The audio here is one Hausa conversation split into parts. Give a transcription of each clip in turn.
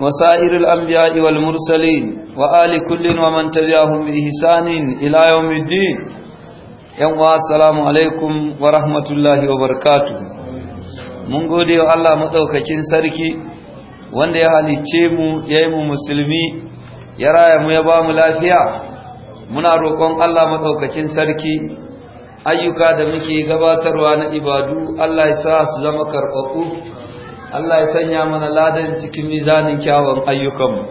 وسائر الأنبياء والمرسلين وآل كل ومن تبعهم بإحسان إلى يوم الدين يوم السلام عليكم ورحمة الله وبركاته gode wa Allah مدوكين sarki. wanda ya halicce mu ya yi mu musulmi ya raya mu ya ba mu lafiya muna roƙon Allah maɗaukakin sarki ayyuka da muke gabatarwa na ibadu Allah ya sa su zama karɓaɓɓu Allah ya sanya mana ladan cikin mizanin kyawun ayyukanmu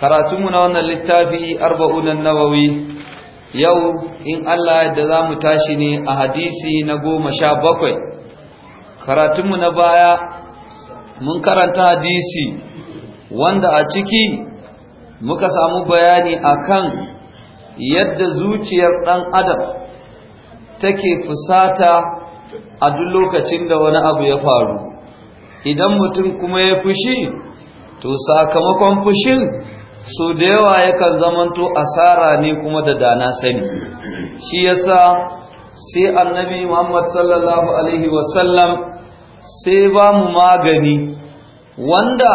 karatunmu na wannan littafi arba'unan nawawi yau in Allah yadda za mu tashi ne a hadisi na goma sha bakwai karatunmu na baya mun karanta hadisi wanda a ciki muka samu bayani akan yadda zuciyar ɗan adam take fusata a duk lokacin da wani abu ya faru idan mutum kuma ya fushi to sakamakon fushin so da yawa yakan zamanto asara ne kuma da dana sani shi yasa sai annabi Muhammad sallallahu alaihi wasallam sai ba mu magani wanda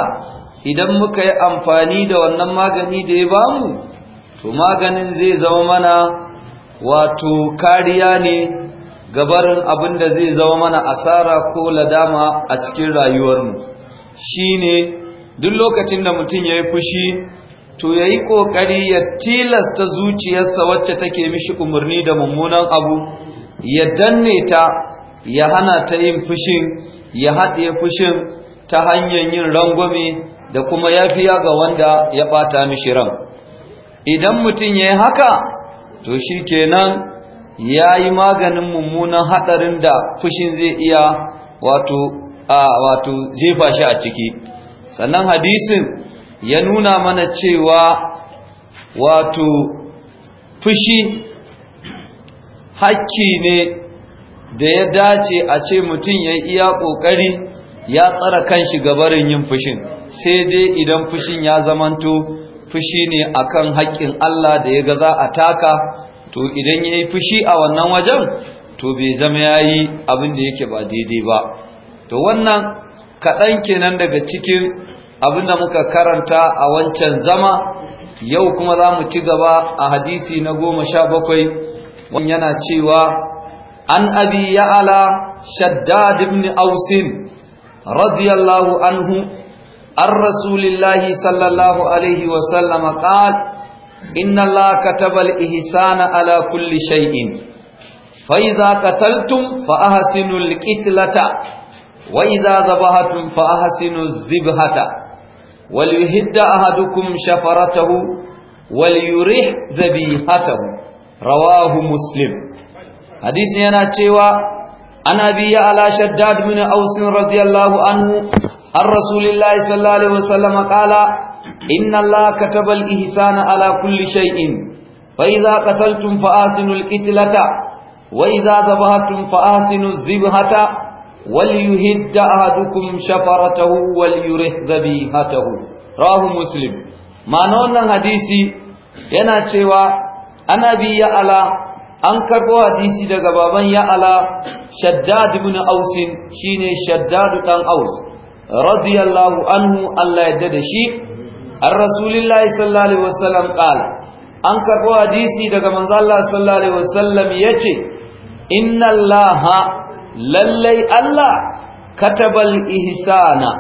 idan muka yi amfani da wannan magani da ya bamu to maganin zai zama mana wato kariya ne gabarin abin da zai zama mana asara ko ladama a cikin rayuwarmu shine duk lokacin da mutum ya yi fushi to ya yi ƙoƙari ya tilasta zuciyarsa wacce take mishi umarni da mummunan abu ya danne ta ya hana ta yin fushin ya haɗe fushin ta hanyar yin rangwame da kuma yafiya ga wanda ya ɓata mishi ran idan mutum ya yi haka to shi kenan ya yi maganin mummunan haɗarin da fushin zai iya wato jefa shi a ciki sannan hadisin ya nuna mana cewa wato fushi hakki ne da ya dace a ce mutum ya iya ƙoƙari ya tsara kanshi gabarin yin fushin sai dai idan fushin ya zamanto fushi ne akan haƙƙin Allah da ya ga za a taka to idan ya yi fushi a wannan wajen to bai zama ya yi abin da yake ba daidai ba to wannan kaɗan kenan daga cikin abin da muka karanta a wancan zama yau kuma za mu ci gaba a hadisi na goma sha bakwai wani yana cewa an abi ya'ala shaddad ibn ausin radiyallahu anhu an rasulillahi sallallahu alaihi wasallama qala inna Allah katabal ihsana ala kulli shay'in fa idza qataltum fa ahsinul qitlata wa idza dhabahatum fa ahsinuz zibhata wal yuhidda ahadukum shafaratahu wal yurih dhabihatahu rawahu muslim hadisi yana cewa an abiya ala shaddad min aus radiyallahu anhu ar rasulillahi inna allaha kataba al-ihsana ala kulli shay'in fa idza qataltum fa asinu al-qitlata wa idza dhabhatum fa asinu adh-dhibhata وليهد أحدكم شفرته وليره ذبيحته رواه مسلم ما نون حديثي yana cewa ana bi ya ala an karbo hadisi daga baban ya'ala, ala shaddad ibn aus shine shaddad dan aus radiyallahu anhu Allah ya da shi an rasulillahi sallallahu alaihi wasallam qala an karbo hadisi daga manzo Allah sallallahu alaihi wasallam yace inna allaha lallai Allah katabal ihsana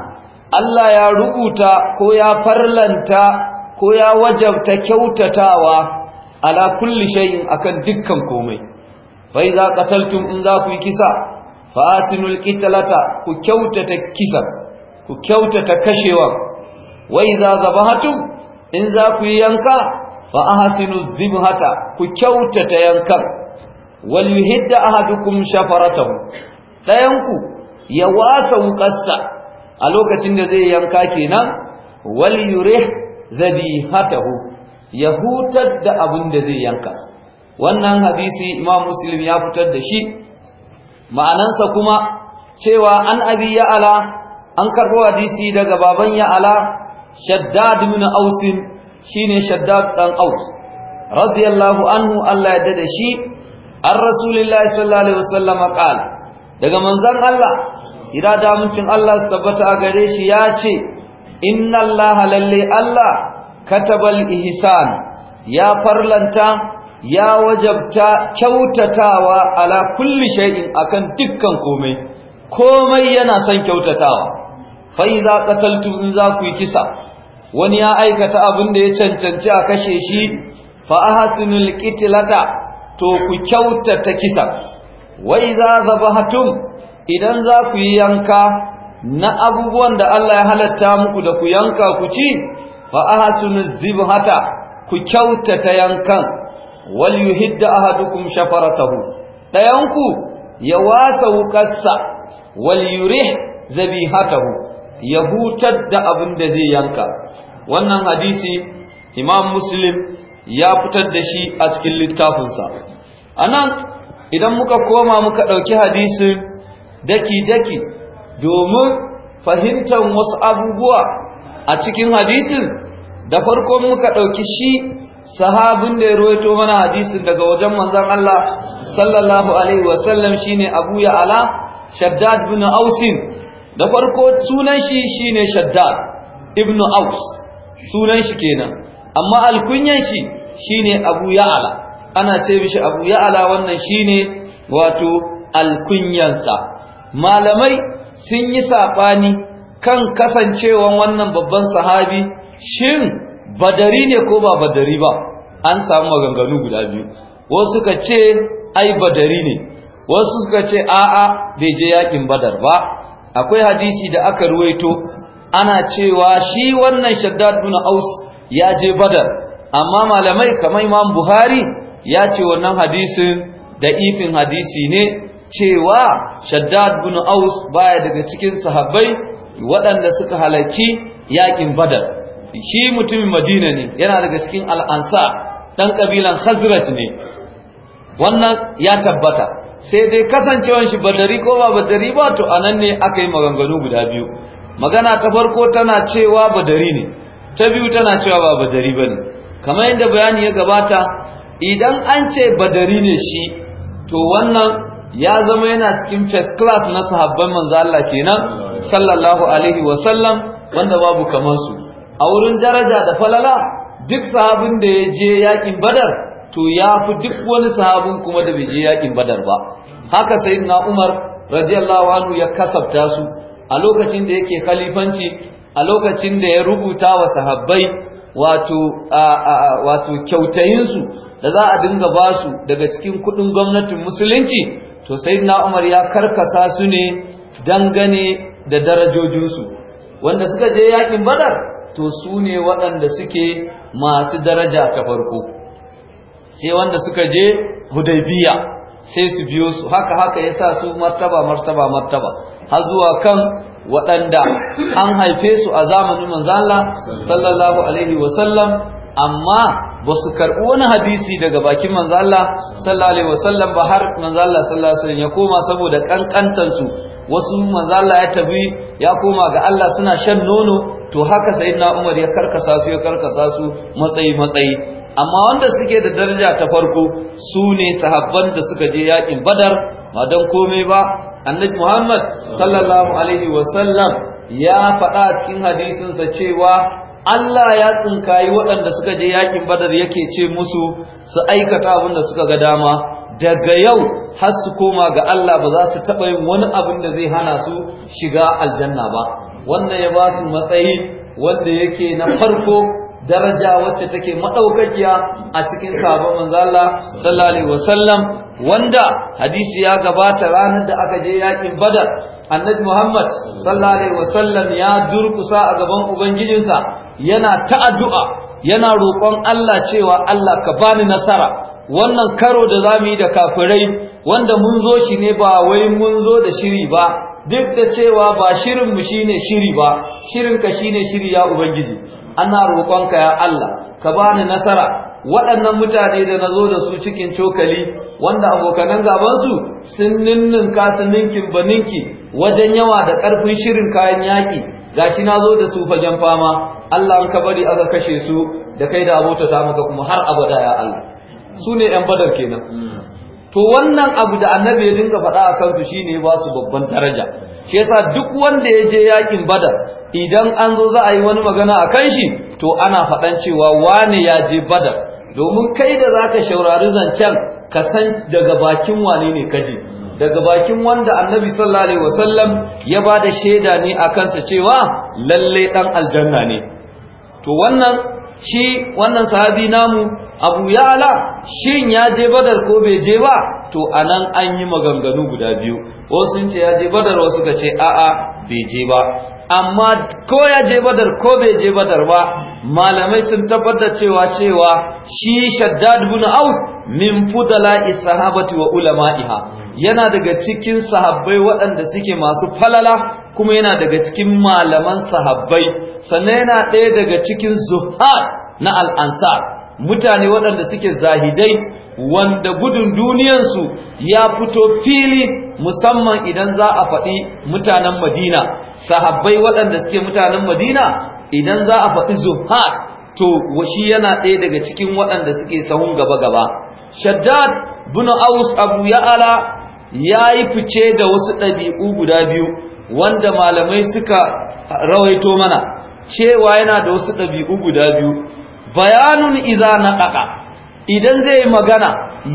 Allah ya rubuta ko ya farlanta ko ya wajabta kyautatawa ala kulli shay'in akan dukkan komai fa idza qataltum in za ku yi kisa fa asinul qitalata ku kyautata kisa ku kyautata kashewa wa idza zabahatum in za ku yanka fa ahsinu zibhata ku kyautata yanka wal yuhidda ahadukum shafaratahu dayan ku ya wasa wukarsa a lokacin da zai yanka kenan wal yurih zabihatahu ya hutar da abin da zai yanka wannan hadisi imam muslim ya fitar da shi ma'anansa kuma cewa an abi ya'ala an karbo hadisi daga baban ya'ala shaddad min ausin shine shaddad dan aus radiyallahu anhu Allah ya dade shi an rasulullahi sallallahu alaihi wasallam qala daga manzon Allah irada muncin Allah tabbata a gare shi ya ce inna Allah lalle Allah katabal ihsan ya farlanta ya wajabta kyautatawa ala kulli shay'in akan dukkan komai komai yana son kyautatawa fa idza qataltum in za ku yi kisa wani ya aikata abin da ya cancanci a kashe shi fa ahsinul to ku kyautata kisa wai idza zabahatum idan za ku yi yanka na abubuwan da Allah ya halatta muku da ku yanka ku ci fa zibhata ku kyautata yankan wal yuhidda ahadukum shafaratahu dayanku ya wasa wukarsa wal yurih zabihatahu ya hutar da abin da zai yanka wannan hadisi imam muslim ya fitar da shi a cikin littafinsa a nan idan muka koma muka ɗauki hadisin daki-daki domin fahimtar wasu abubuwa a cikin hadisin da farko muka ɗauki shi sahabin da ya rawaito mana hadisin daga wajen manzon Allah sallallahu alaihi wasallam shine Abu ala Shaddad bin Ausin da farko sunan shi shine shaddad ibn aus sunan shi kenan amma alkunyan shi shine abu ya'ala ana ce mishi abu ya'ala wannan shine wato alkunyansa malamai sun yi saɓani kan kasancewan wannan babban sahabi shin badari ne ko ba badari ba an samu maganganu guda biyu wasu ka ce ai badari ne wasu suka ce a'a bai je yakin badar ba akwai hadisi da aka ruwaito ana cewa shi wannan shaddad bin aus ya je badar amma malamai kamar imam buhari ya ce wannan hadisin da ifin hadisi ne cewa shaddad bin aus baya daga cikin sahabbai waɗanda suka halarci yakin badar shi mutumin madina ne yana daga cikin al'ansa ɗan kabilan Khazraj ne wannan ya tabbata sai dai kasancewan shi badari ko ba badari ba to anan ne aka yi maganganu guda biyu magana ta farko tana cewa badari ne ta biyu tana cewa ba badari bane kamar yadda bayani ya gabata idan an ce badari ne shi to wannan ya zama yana cikin first class na sahabban manzo Allah kenan sallallahu alaihi wa sallam wanda babu kamar su a wurin daraja da falala duk sahabin da ya je yakin badar to ya fi duk wani sahabin kuma da bai je yakin badar ba haka sayyidina umar radiyallahu anhu ya kasabta su a lokacin da yake khalifanci a lokacin da ya rubuta wa sahabbai wato wato su da za a dinga ba su daga cikin kudin gwamnatin musulunci to sayyidina umar ya karkasa su ne dangane da su. wanda suka je yakin badar to su ne waɗanda suke masu daraja ta farko sai wanda suka je hudaybiya sai su biyo su haka haka yasa su martaba martaba martaba har zuwa kan waɗanda an haife su a zamanin manzala sallallahu alaihi wasallam amma ba su karɓi wani hadisi daga bakin manzala sallallahu alaihi wasallam ba har manzala sallallahu alaihi ya koma saboda kankantansu wasu manzala ya tabi ya koma ga Allah suna shan nono to haka sayyidina Umar ya karkasa su ya karkasa su matsayi matsayi amma wanda suke da daraja ta farko su ne sahabban da suka je yakin badar ba don komai ba annabi muhammad sallallahu alaihi wasallam ya faɗa a cikin hadisinsa cewa Allah ya tsinkayi waɗanda suka je yakin badar yake ce musu su aikata abin da suka ga dama daga yau har su koma ga Allah ba za su taɓa yin wani abin da zai hana su shiga aljanna ba wannan ya ba su matsayi wanda yake na farko daraja wacce take madaukakiya a cikin sabon manzo Allah sallallahu alaihi wasallam wanda hadisi ya gabata ranar da aka je yakin Badar annabi Muhammad sallallahu alaihi wasallam ya durkusa a gaban ubangijinsa yana ta addu'a yana roƙon Allah cewa Allah ka bani nasara wannan karo da zamu yi da kafirai wanda mun zo shi ne ba wai mun zo da shiri ba duk da cewa ba shirin mu shine shiri ba shirin ka shine shiri ya ubangiji ana roƙonka ya Allah ka bani nasara waɗannan mutane da na zo da su cikin cokali wanda abokanan gabansu sun ninnin su ninkin ba wajen yawa da ƙarfin shirin kayan yaƙi gashi na zo da su fagen fama Allah an ka bari aka kashe su da kai da abota ta maka kuma har abada ya Allah su ne ‘yan badar kenan hmm. to wannan abu da annabi ya dinga faɗa a kansu shine ba su babban daraja shi yasa duk wanda ya je yakin badar idan an zo za a yi wani magana a kan shi to ana faɗan cewa wane ya je badar domin kai da za ka shaurari zancen ka san daga bakin wane ne je. daga bakin wanda annabi sallallahu alaihi wasallam ya ba da shaida ne a kansa cewa lalle ɗan aljanna ne to wannan shi wannan sahabi namu abu ya'ala shin ya je badar ko bai je ba to anan an yi maganganu guda biyu wasu sun ce ya je badar wasu ka ce a'a bai je ba amma ko ya je badar ko bai je badar ba malamai sun tabbatar cewa cewa shi shaddad bin aus min fudala sahabati wa ulama'iha yana daga cikin sahabbai waɗanda suke masu falala kuma yana daga cikin malaman sahabbai sannan yana ɗaya daga cikin zuhar na al'ansar mutane waɗanda suke zahidai wanda gudun duniyansu ya fito fili musamman idan za a faɗi mutanen madina sahabbai waɗanda suke mutanen madina idan za a faɗi zuhar to shi yana ɗaya daga cikin waɗanda suke sahun gaba-gaba shaddad bin aus abu ya'ala ya yi fice da wasu ɗabi'u guda biyu wanda malamai suka rawaito mana cewa yana da wasu ɗabi'u guda biyu bayanun iza naqaqa idan zai magana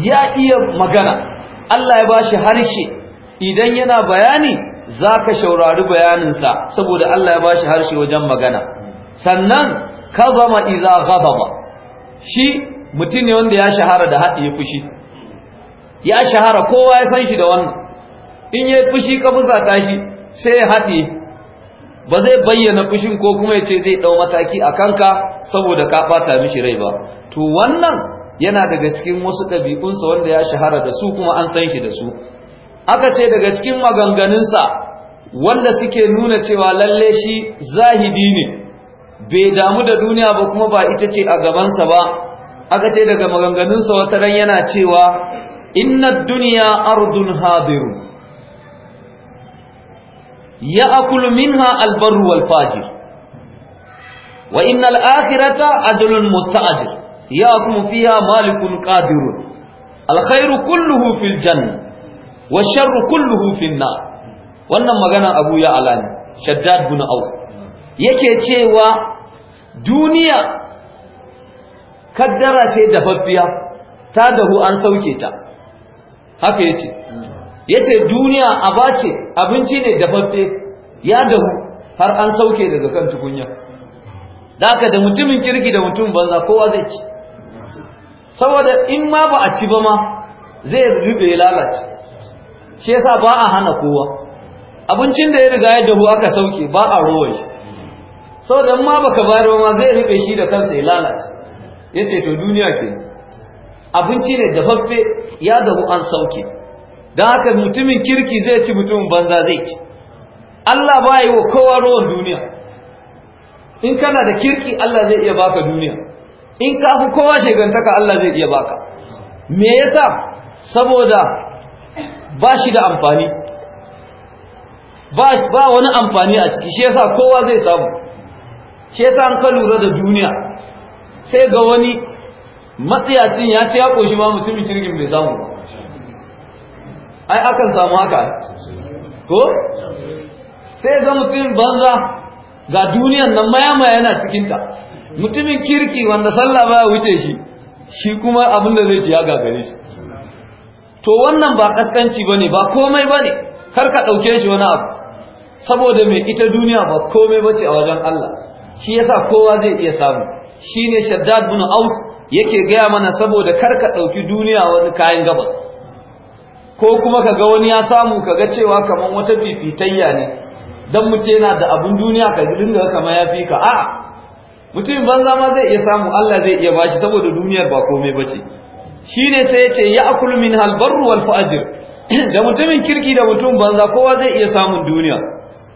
ya iya magana Allah ya bashi harshe idan yana bayani zaka shaurari bayaninsa saboda Allah ya bashi harshe wajen magana sannan ka zama iza ghadaba shi mutum ne wanda ya shahara da haɗiye fushi ya shahara kowa ya san shi da wannan in yayi fushi ka fusa tashi sai ya haɗiye ba zai bayyana fushin ko kuma ya ce zai ɗau mataki a kanka saboda ka bata mishi rai ba to wannan yana daga cikin wasu ɗabi'unsa wanda ya shahara da su kuma an san shi da su aka ce daga cikin maganganunsa wanda suke nuna cewa lalle shi zahidi ne bai damu da duniya ba kuma ba ita ce a gabansa ba aka ce daga maganganunsa wata ran yana cewa inna duniya ardun hadirun ya akulu minha albarru wal fajir wa innal akhirata ajrun musta'jir ya'kum fiha malikun qadirun alkhairu kulluhu fil janna sharru kulluhu fil nar wannan magana Abu ya ne Shaddad bin Auf yake cewa duniya kaddara ce dafaffiya ta dahu an sauke ta haka yace ya ce duniya aba ce abinci ne dafaffe ya dahu har an sauke daga kan tukunya da aka da mutumin kirki da mutum banza kowa zai ci saboda in ma ba a ci ba ma zai rube lalace shi yasa ba a hana kowa abincin da ya riga ya dahu aka sauke ba a ruwan shi saboda in ma baka bayar ba ma zai rube shi da kansa ya lalace yace to duniya ke abinci ne dafaffe ya dahu an sauke don haka mutumin kirki zai ci mutumin banza zai ci Allah ba yi wa kowa ruwan duniya in kana da kirki Allah zai iya baka duniya in ka fi kowa shegantaka Allah zai iya baka me yasa saboda ba shi da amfani ba wani amfani a ciki shi yasa kowa zai samu shi yasa an ka lura da duniya sai ga wani matsiyacin ya ci ya ƙoshi ma mutumin kirkin bai samu ba ai akan samu haka ko sai ga mutum banza ga duniyan nan mayama yana cikinta mutumin kirki wanda sallah ba wuce shi shi kuma abin da zai ci ya gagare shi to wannan ba kaskanci ba ne ba komai ba ne kar ka ɗauke shi wani abu saboda mai ita duniya ba komai ba ce a wajen Allah shi yasa kowa zai iya samu shi ne shaddad bin aus yake gaya mana saboda kar ka ɗauki duniya wani kayan gabas ko kuma ka ga wani ya samu ka ga cewa kamar wata fifitayya ne don mutum yana da abin duniya ka dinga kama ya fi ka a'a mutum banza ma zai iya samu Allah zai iya bashi saboda duniyar ba komai bace shine sai ya ce ya'kul min halbarru wal fajir da mutumin kirki da mutum banza kowa zai iya samun duniya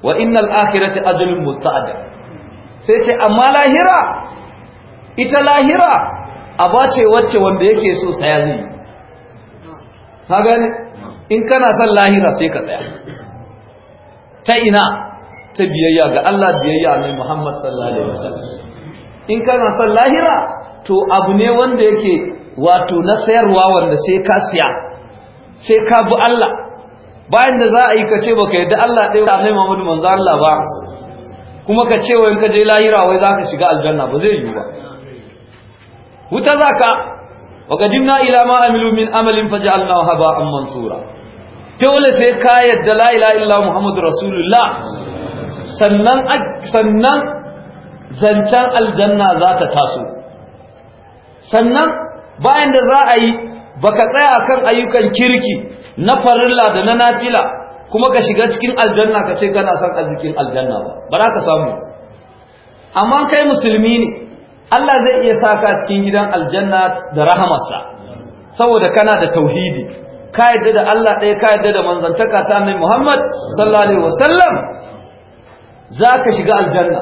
wa innal akhirati ajrun musta'ad sai ce amma lahira ita lahira a bace wacce wanda yake so saya zai ka gane in kana son lahira sai ka tsaya ta ina ta biyayya ga Allah biyayya mai Muhammad sallallahu alaihi wasallam in kana son lahira to abu ne wanda yake wato na sayarwa wanda sai ka siya sai ka bi Allah bayan da za a yi ka ce baka yadda Allah ɗaya ta mai Muhammad manzo Allah ba kuma ka ce wai ka je lahira wai zaka shiga aljanna ba zai yi ba wuta zaka wa qadimna ila ma amilu min amalin faj'alnahu haba'an mansura dole sai ka yadda la ilaha illa muhammadu rasulullah sannan sannan zancen aljanna za ta taso sannan bayan da za a yi baka tsaya kan ayyukan kirki na farilla da na nafila kuma ka shiga cikin aljanna ka ce kana son arzikin aljanna ba ba za ka samu amma kai musulmi ne Allah zai iya sa ka cikin gidan aljanna da rahamarsa saboda kana da tauhidi ka yadda da Allah ɗaya ka yadda da manzantaka ta mai Muhammad sallallahu alaihi wasallam za ka shiga aljanna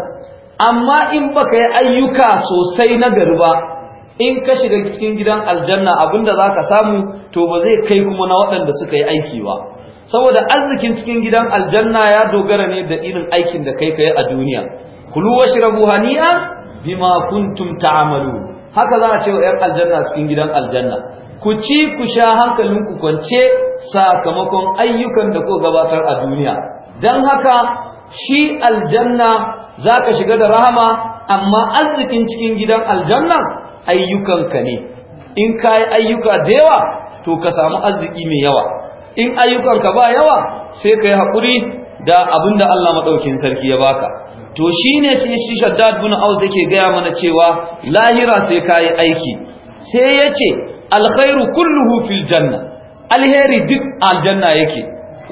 amma in baka yi ayyuka sosai na gari ba in ka shiga cikin gidan aljanna abinda za ka samu to ba zai kai kuma na waɗanda suka yi aiki ba saboda arzikin cikin gidan aljanna ya dogara ne da irin aikin da kai ka yi a duniya kulu washrabu hani'a bima kuntum ta'malun haka za a ce wa 'yan aljanna cikin gidan aljanna ku ci ku sha hankalin ku kwance sakamakon ayyukan da ku gabatar a duniya don haka shi aljanna za ka shiga da rahama amma arzikin cikin gidan ayyukan ayyukanka ne in ka yi ayyuka da yawa to ka samu arziki mai yawa in ayyukan ka ba yawa sai ka yi haƙuri da abinda Allah madaukin sarki ya baka to shine sai shi Shaddad bin Aus yake gaya mana cewa lahira sai kai aiki sai yace alkhairu kulluhu fil janna alheri duk aljanna yake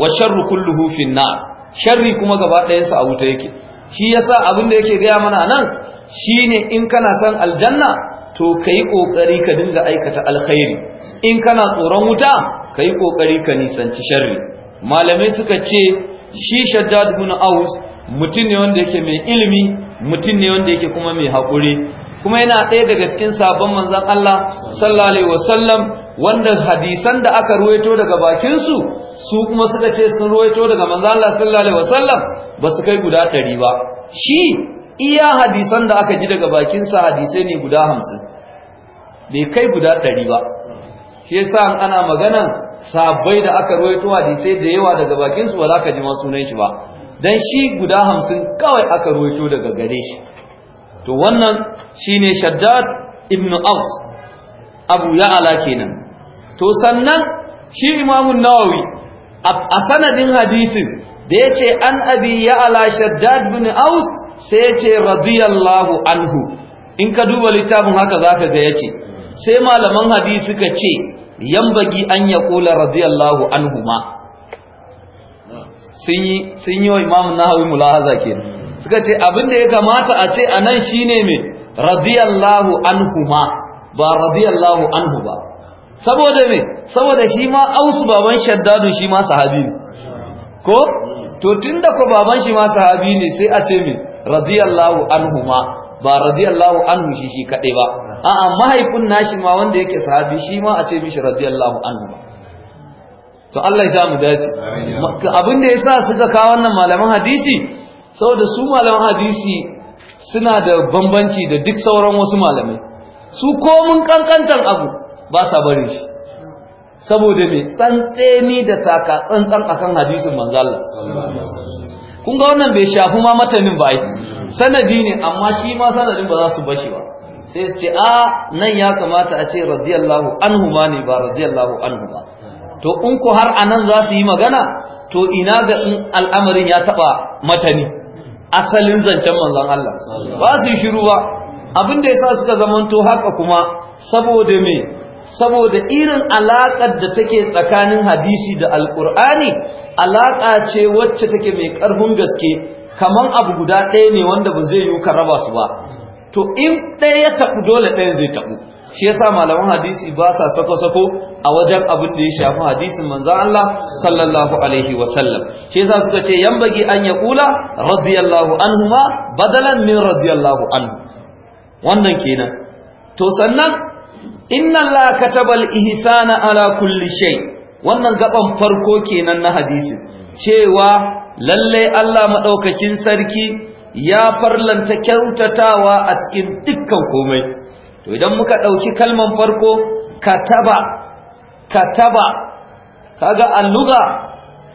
wa sharru kulluhu fin nar sharri kuma gaba ɗayansa a wuta yake shi yasa abin da yake gaya mana nan shine in kana san aljanna to kai kokari ka dinga aikata alkhairi in kana tsoron wuta kai kokari ka nisanci sharri malamai suka ce shi shaddad ibn aus mutum ne wanda yake mai ilimi mutum ne wanda yake kuma mai haƙuri kuma yana ɗaya daga cikin sabon manzon Allah sallallahu alaihi wasallam wanda hadisan da aka ruwaito daga bakin su su kuma suka ce sun ruwaito daga manzon Allah sallallahu alaihi wasallam ba su kai guda 100 ba shi iya hadisan da aka ji daga bakin sa hadisai ne guda 50 bai kai guda 100 ba shi yasa ana magana sabbai da aka ruwaito hadisai da yawa daga bakin su ba za ka ji sunan shi ba dan shi guda hamsin kawai aka ruwaito daga gare shi to wannan shine shaddad ibn aus abu ya'ala kenan to sannan shi imamun nawawi a sanadin hadisin da ya ce an abi ya'ala shaddad Ibn aus sai ya ce radiyallahu anhu in ka duba littafin haka za ka ga ya ce sai malaman hadisi suka ce yambagi an ya kula radiyallahu anhu ma sun yi wa imam hawi mulahaza ke suka ce abin da ya kamata a ce a nan shi ne mai radiyallahu anhu ma ba radiyallahu anhu ba saboda me saboda shi ma ausu baban shaddadu shi ma sahabi ne ko to da ko baban shi ma sahabi ne sai a ce me radiyallahu anhu ma ba radiyallahu anhu shi shi kadai ba a'a mahaifin nashi ma wanda yake sahabi shi ma a ce mishi radiyallahu anhu to Allah ya sa mu dace abin da yasa suka kawo wannan malaman hadisi saboda su malaman hadisi suna da bambanci da duk sauran wasu malamai su ko mun kankantar abu ba sa bare shi saboda me tsantseni da taka tsantsan akan hadisin manzo Allah kun ga wannan bai shafi ma matanin ba ai sanadi ne amma shi ma sanadin ba za su bashi ba sai su ce a ah, nan ya kamata a ce radiyallahu anhu ma ne ba radiyallahu anhu ba to in ku har a nan za su yi magana to ina ga in al'amarin ya taba matani asalin zancen manzon Allah ba su shiru ba abin da yasa suka zamanto haka kuma saboda me saboda irin alaƙar da take tsakanin hadisi da alƙur'ani alaƙa ce wacce take mai ƙarfin gaske kaman abu guda ɗaya ne wanda ba zai yi ka raba su ba to in ɗaya ya taɓu dole ɗaya zai taɓu shi sa malaman hadisi ba sa sako-sako a wajen abin da ya shafi hadisin Manza Allah sallallahu alaihi wa sallam ya sa suka ce yan an ya kula radiyallahu ma, badalan min radiyallahu anhu wannan kenan to sannan inna tabal katabal ihsana ala kulli shay wannan gaban farko kenan na hadisin cewa lallai Allah madaukakin sarki ya farlanta kyautatawa a cikin dukkan komai to idan muka ɗauki kalman farko kataba kataba kaga alluga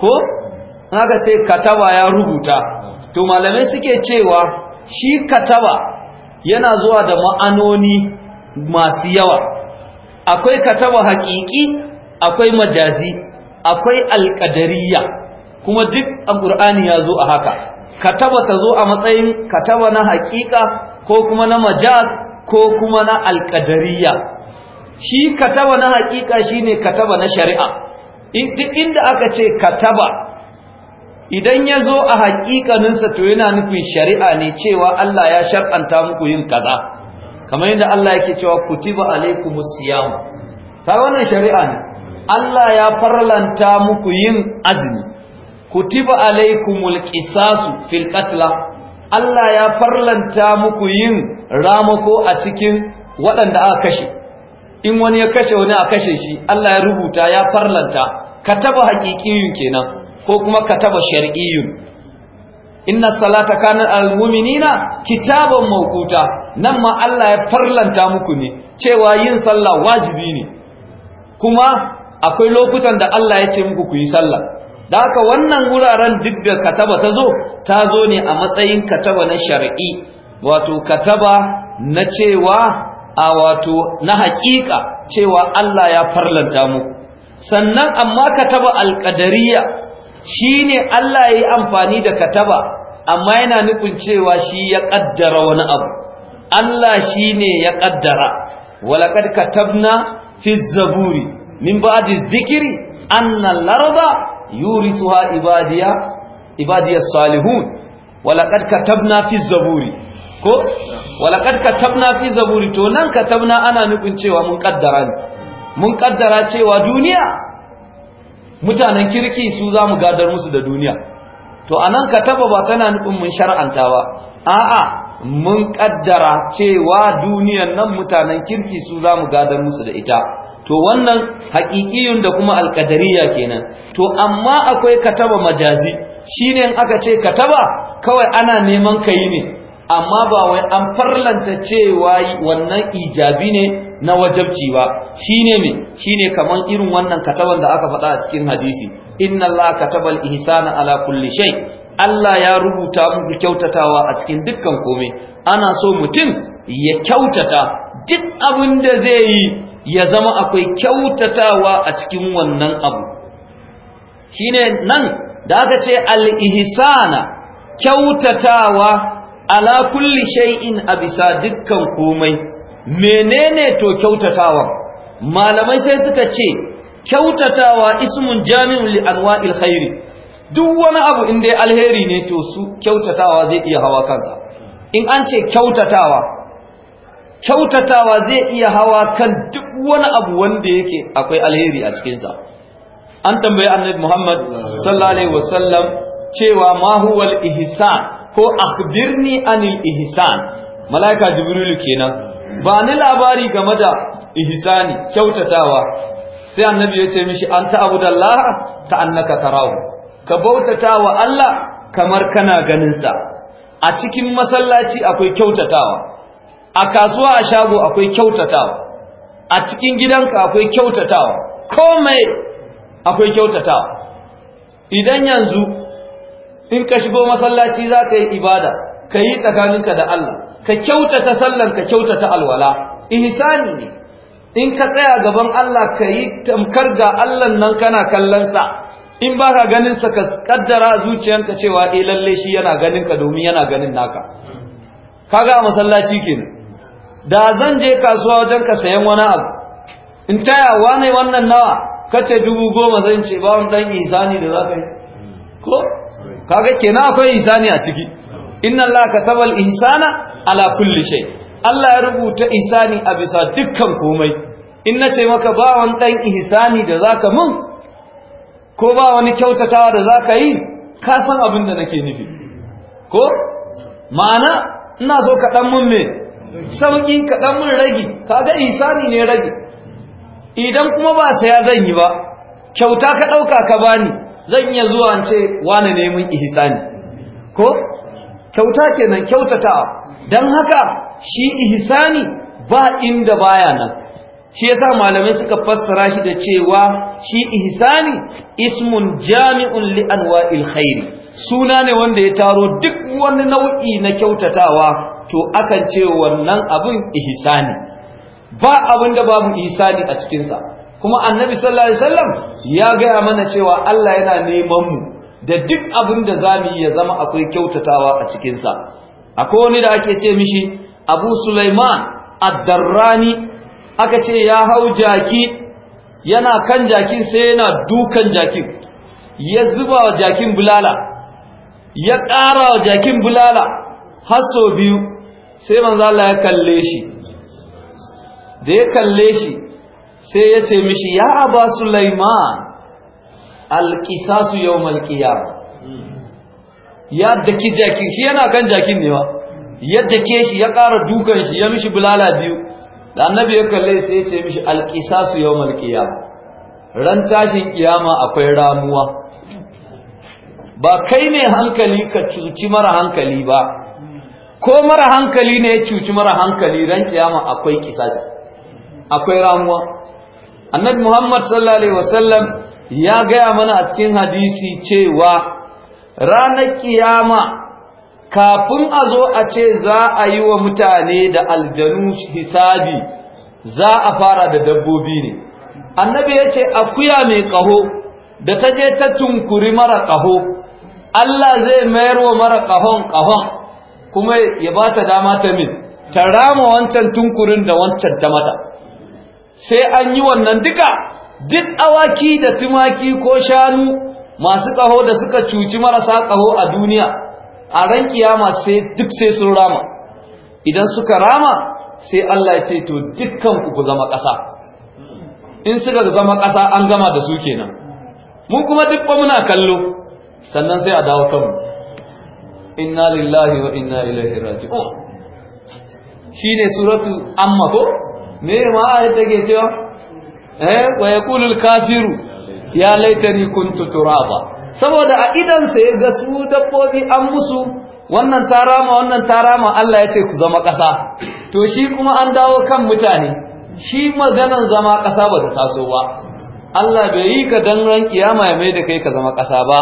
ko kaga ce kataba ya rubuta to malamai suke cewa shi kataba yana zuwa da ma'anoni masu yawa akwai kataba haƙiƙi akwai majazi akwai alƙadariya kuma duk a ƙur'ani ya zo a haka kataba ta zo a matsayin kataba na haƙiƙa ko kuma na majas ko kuma na alƙadariya shi kataba na haƙiƙa shine kataba na shari'a duk inda aka ce kataba idan ya zo a haƙiƙaninsa to yana nufin shari'a ne cewa Allah ya shar'anta muku yin kaza kamar yadda Allah yake cewa kutiba alaikumus siyam ta wannan shari'a ne Allah ya farlanta muku yin azumi kutiba alaikumul qisasu fil qatla Allah ya farlanta muku yin ramako a cikin waɗanda aka kashe in wani ya kashe wani a kashe shi Allah ya rubuta ya farlanta kataba haqiqiyun kenan ko kuma kataba shar'iyun inna salata kana almu'minina kitaban mawquta nan ma Allah ya farlanta muku ne cewa yin sallah wajibi ne kuma akwai lokutan da Allah ya ce muku ku yi sallah Daka wannan wuraren duk da kataba ta zo ta zo ne a matsayin kataba na shari'i wato kataba na cewa a wato na haƙiƙa cewa Allah ya farlanta mu sannan amma kataba alƙadariya shi ne Allah ya yi amfani da kataba amma yana nufin cewa shi ya ƙaddara wani abu Allah shi ne ya ƙaddara walaƙad katabna fi zaburi min ba'adi zikiri anna larda yurisuha ibadiya ibadiya salihun walaqad katabna fi zaburi ko walaqad katabna fi zaburi to nan katabna ana nufin cewa mun kaddara ne mun kaddara cewa duniya mutanen kirki su za mu gadar musu da duniya to anan kataba ba kana nufin mun shar'anta ba a'a mun kaddara cewa duniyan nan mutanen kirki su za mu gadar musu da ita to wannan haƙiƙiyun da kuma alƙadariya kenan to amma akwai kataba majazi shine in aka ce kataba kawai ana neman ka ne amma ba wai an farlanta cewa wannan ijabi ne na wajabci ba shine me shine kaman irin wannan kataban da aka faɗa a cikin hadisi inna kataba katabal ihsana ala kulli shay Allah ya rubuta muku kyautatawa a cikin dukkan komai ana so mutum ya kyautata duk abin da zai yi ya zama akwai kyautatawa a cikin wannan abu shine nan da aka ce al-ihsana kyautatawa ala kulli shay'in a bisa dukkan komai menene to kyautatawa malamai sai suka ce kyautatawa ismun jami'un li anwa'il khairi duk wani abu in dai alheri ne to su kyautatawa zai iya hawa kansa in an ce kyautatawa kyautatawa zai iya hawa kan duk wani abu wanda yake akwai alheri a cikinsa an tambayi annabi muhammad sallallahu alaihi wasallam cewa mahuwal huwa ihsan ko akhbirni anil ihsan malaika jibrilu kenan ba ni labari game da ihsani kyautatawa sai annabi ya ce mishi an ta'budallah ka annaka tarahu ka wa Allah kamar kana ganin sa a cikin masallaci akwai kyautatawa a kasuwa a shago akwai kyautatawa a cikin gidanka akwai kyautatawa komai akwai kyautatawa idan yanzu in ka shigo masallaci za ka yi ibada ka yi tsakaninka da Allah ka kyautata sallar, ka kyautata alwala ihsani ne in ka tsaya gaban Allah ka yi tamkar ga Allah nan kana kallonsa in ba ka ganinsa ka kaddara zuciyanka cewa eh lalle shi yana ganinka domin yana ganin naka kaga masallaci kenan da zan je kasuwa wajen ka sayan wani abu in taya wane wannan nawa kace dubu goma zan ce ba wani dan isani da za yi ko kaga kenan akwai isani a ciki inna allaha kataba al-ihsana ala kulli shay Allah ya rubuta ihsani a bisa dukkan komai in nace maka ba wani dan ihsani da zaka mun ko ba wani kyautatawa da zaka yi ka san abin da nake nufi ko ma'ana ina so ka dan mun me sauƙi kaɗan mun rage kaga isani ne rage idan kuma ba saya zan yi ba kyauta ka ɗauka ka bani zan iya zuwa an ce wane ne mun ihsani ko kyauta kenan kyautata. don haka shi ihsani ba inda baya nan shi yasa malamai suka fassara shi da cewa shi ihsani ismun jami'un li anwa'il khairi suna ne wanda ya taro duk wani nau'i na kyautatawa to akan ce wannan abin ihsani ba abin da babu ihsani a cikinsa kuma annabi sallallahu alaihi wasallam ya gaya mana cewa Allah yana neman mu da duk abin da zamu yi ya zama akwai kyautatawa a cikinsa akwai wani da ake ce mishi Abu Sulaiman ad-Darrani aka ce ya hau jaki yana kan jakin sai yana dukan jakin ya zuba wa jakin bulala ya ƙara wa jakin bulala har sau biyu sai manzo Allah ya kalle shi da ya kalle shi sai ya ce mishi ya aba sulaiman alqisasu yau malƙiya.' ya daki jakin shi yana kan jakin ne ba ya dake shi ya ƙara dukan shi ya mishi bulala biyu da annabi ya kalle sai ya ce mishi alqisasu yau malƙiya. ran tashin kiyama akwai ramuwa ba kai ne hankali ka cuci mara hankali ba ko mara hankali ne ya cuci mara hankali ran kiyama akwai kisasi akwai ramuwa annabi muhammad sallallahu alaihi wasallam ya gaya mana a cikin hadisi cewa ranar kiyama kafin a zo a ce za a yi wa mutane da aljanu hisabi za a fara da dabbobi ne annabi ya ce akuya mai kaho, da ta je ta tunkuri mara kaho, allah zai mayar wa mara kahon kahon. kuma ya ba ta dama ta min ta rama wancan tunkurin da wancan ta mata sai an yi wannan duka duk awaki da tumaki ko shanu masu ƙaho da suka cuci marasa ƙaho a duniya a ran kiyama sai duk sai sun rama idan suka rama sai Allah ya ce to dukkan ku ku zama ƙasa in suka zama ƙasa an gama da su kenan mun kuma duk ba muna kallo sannan sai a dawo kanmu inna lillahi wa inna ilaihi raji'un oh. shine suratul amma ko me ma ayat take cewa eh wa yaqulu al-kafiru ya laitani kuntu turaba saboda a idan sa ya ga su dabbobi an musu wannan tarama wannan tarama Allah ya ce ku zama ƙasa to shi kuma an dawo kan mutane shi maganan zama ƙasa ba ta taso ba Allah bai yi ka dan ran kiyama ya mai da kai ka zama ƙasa ba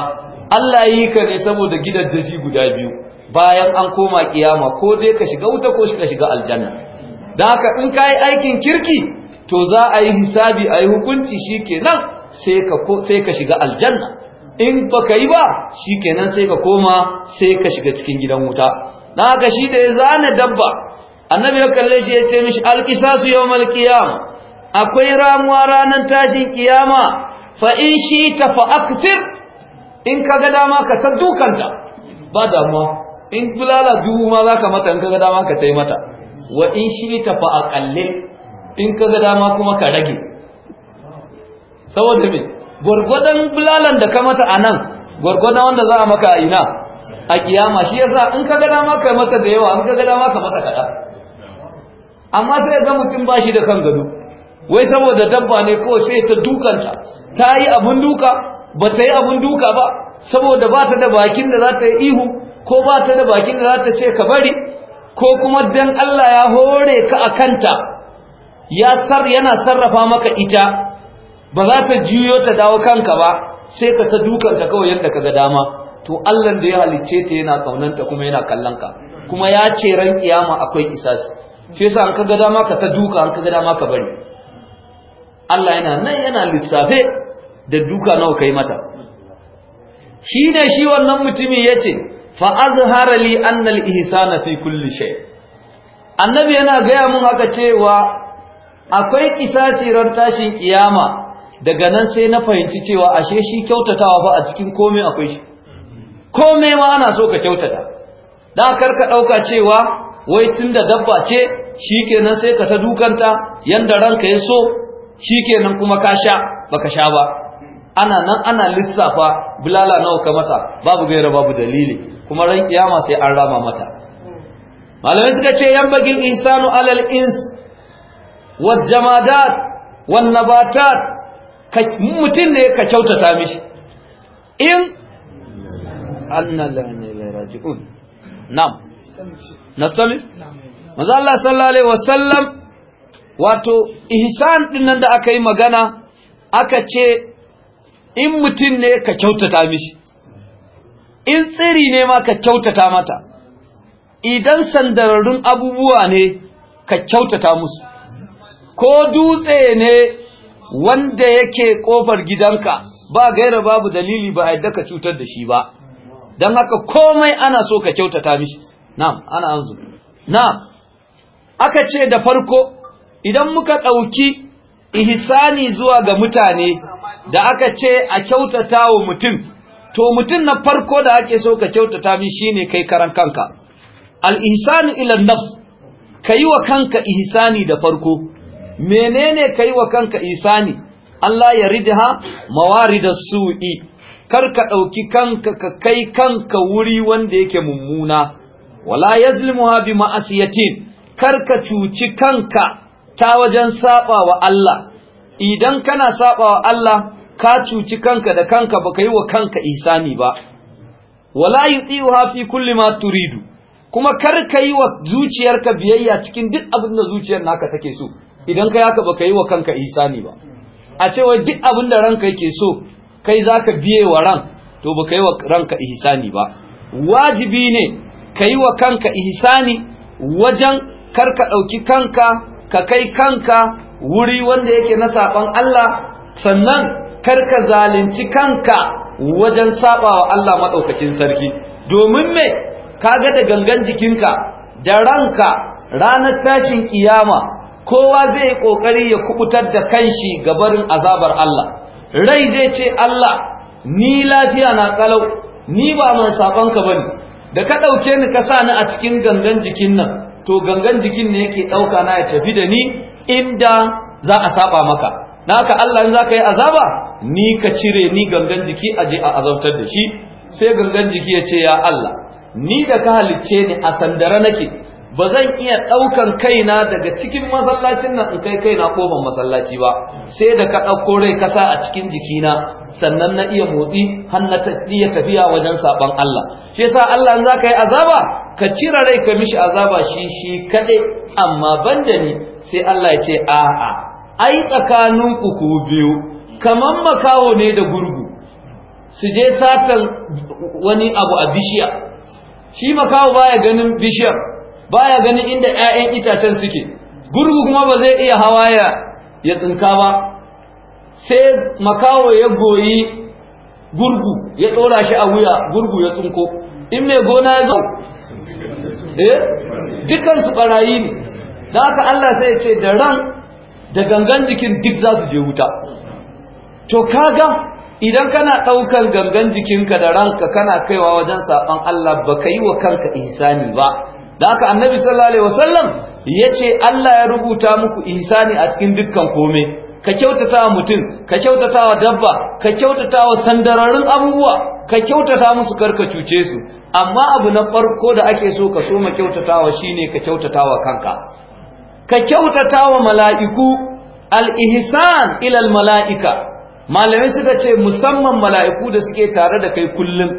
Allah yi ka ne saboda daji guda biyu bayan an koma kiyama ko dai ka shiga wuta ko ka shiga aljanna da haka in ka yi aikin kirki to za a yi hisabi a yi hukunci shi nan, sai ka shiga aljanna in ba ka yi ba shi nan sai ka koma sai ka shiga cikin gidan wuta da haka shi da ya zane dabba annabi ya kalle shi ya ce mishi alkisasu yau malkiyama akwai ramuwa ranar tashin kiyama fa in shi ta fa aktir in ka ga dama ka ta dukanta ba damuwa in bulala dubu ma za ka mata in ka ga dama ka tai mata wa in shi ta fa a kalle in ka ga dama kuma ka rage saboda me gwargwadon bulalan da ka mata a nan gwargwadon wanda za a maka a ina a kiyama shi yasa in ka ga dama ka mata da yawa in ka ga dama ka mata kaɗan amma sai ga mutum ba shi da kan gado wai saboda dabba ne ko sai ta dukanta ta yi abin duka ba ta yi abin duka ba saboda ba ta da bakin da za ta yi ihu ko ba ta da bakin da za ta ce ka bari ko kuma dan Allah ya hore ka a kanta ya sar yana sarrafa maka ita ba za ta juyo ta dawo kanka ba sai ka ta dukan ta kawai yadda ka ga dama to Allah da ya halicce ta yana kaunanta kuma yana kallon ka kuma ya ce ran kiyama akwai isasi shi yasa an ka ga dama ka ta duka an ka ga dama ka bari Allah yana nan yana lissafe da duka nawa kai mata Shi ne shi wannan mutumin yace fa azhara li annal ihsana fi kulli shay annabi yana gaya mun haka cewa akwai kisasi tashin kiyama daga nan sai na fahimci cewa ashe shi kyautatawa ba a cikin komai akwai shi komai ma ana so ka kyautata da ka ɗauka cewa wai tunda dabba ce shi kenan sai ka ta dukanta yanda ranka ya so shi kenan kuma ka sha baka sha ba ana nan ana lissafa bilala nawa ka mata babu gaira babu dalili kuma ran kiyama sai an rama mata malamai suka ce yan bagin insanu alal ins wal jamadat wal nabatat mutum ne ka kyautata mishi in anna la raji'un nam nasami manzo Allah sallallahu alaihi wasallam wato ihsan din nan da aka yi magana aka ce in mutum ne ka kyautata mishi in tsiri ne ma ka kyautata mata idan sandararrun abubuwa ne ka kyautata musu ko dutse ne wanda yake kofar gidanka ba gaira babu dalili ba a yadda ka cutar da shi ba don haka komai ana so ka kyautata mishi na'am ana anzu na'am aka ce da farko idan muka ɗauki ihsani zuwa ga mutane da aka ce a kyautata wa mutum to mutum na farko da ake so ka kyautata min shine kai karan kanka al ihsani ila nafs kai wa kanka ihsani da farko menene kai wa kanka ihsani Allah ya ridha mawaridas su'i kar ka dauki kanka ka kai kanka wuri wanda yake mummuna wala yazlimuha bi ma'asiyatin kar ka cuci kanka ta wajen saba Allah idan kana saba Allah ka cuci kanka da kanka ba ka yi wa kanka isani ba wala tsiyo hafi kulli ma turidu kuma kar ka yi wa zuciyarka biyayya cikin duk abin da zuciyar naka take so idan kai haka ka yi wa kanka isani ba a cewa duk abin da ranka yake so kai za ka biye wa ran to ba ka yi wa ranka isani ba wajibi ne ka yi wa kanka ihsani wajen kar ka ɗauki kanka ka kai kanka wuri wanda yake na saɓan Allah sannan kar ka zalunci kanka wajen wa Allah madaukakin sarki domin me kaga da gangan jikinka da ranka ranar tashin kiyama kowa zai yi kokari ya kubutar da kanshi gabarin azabar Allah rai zai ce Allah ni lafiya na kalau ni ba mai saban ka bane da ka dauke ni ka sa ni a cikin gangan jikin nan to gangan jikin ne yake ɗauka na ya tafi da ni inda za a saba maka da haka Allah in zaka yi azaba ni ka cire ni gangan jiki a je a azabtar da shi sai gangan jiki ya ce ya Allah ni da ka halicce ni a sandare nake ba zan iya ɗaukan kaina daga cikin masallacin nan in kai kaina koban masallaci ba sai da ka ɗauko rai kasa a cikin jikina sannan na iya motsi har na iya tafiya wajen saɓon Allah shi yasa Allah in za ka yi azaba ka cire rai ka mishi azaba shi shi kaɗai amma banda ni sai Allah ya ce a'a ai tsakaninku ku biyu kaman makawo ne da gurgu su je satan wani abu a bishiya shi makawo baya ganin bishiyar baya ganin inda 'ya'yan itacen suke gurgu kuma ba zai iya hawaya ya tsinka ba sai makawo ya goyi gurgu ya tsora shi a wuya gurgu ya tsinko in mai gona ya zo eh dukansu barayi ne da haka Allah sai ya ce da ran da gangan jikin duk za su je wuta to kaga idan kana ɗaukar gangan jikinka da ranka kana kaiwa wajen saɓon Allah ba ka yi wa kanka insani ba da haka annabi sallallahu alaihi wasallam ya ce Allah ya rubuta muku insani a cikin dukkan kome ka kyautata wa mutum ka kyautata wa dabba ka kyautata wa sandararin abubuwa ka kyautata musu karka cuce su amma abu na farko da ake so ka so ma kyautatawa shine ka kyautata wa kanka ka kyautata wa mala'iku al'ihisan ihsan ilal mala'ika malamai suka ce musamman mala'iku da suke tare da kai kullum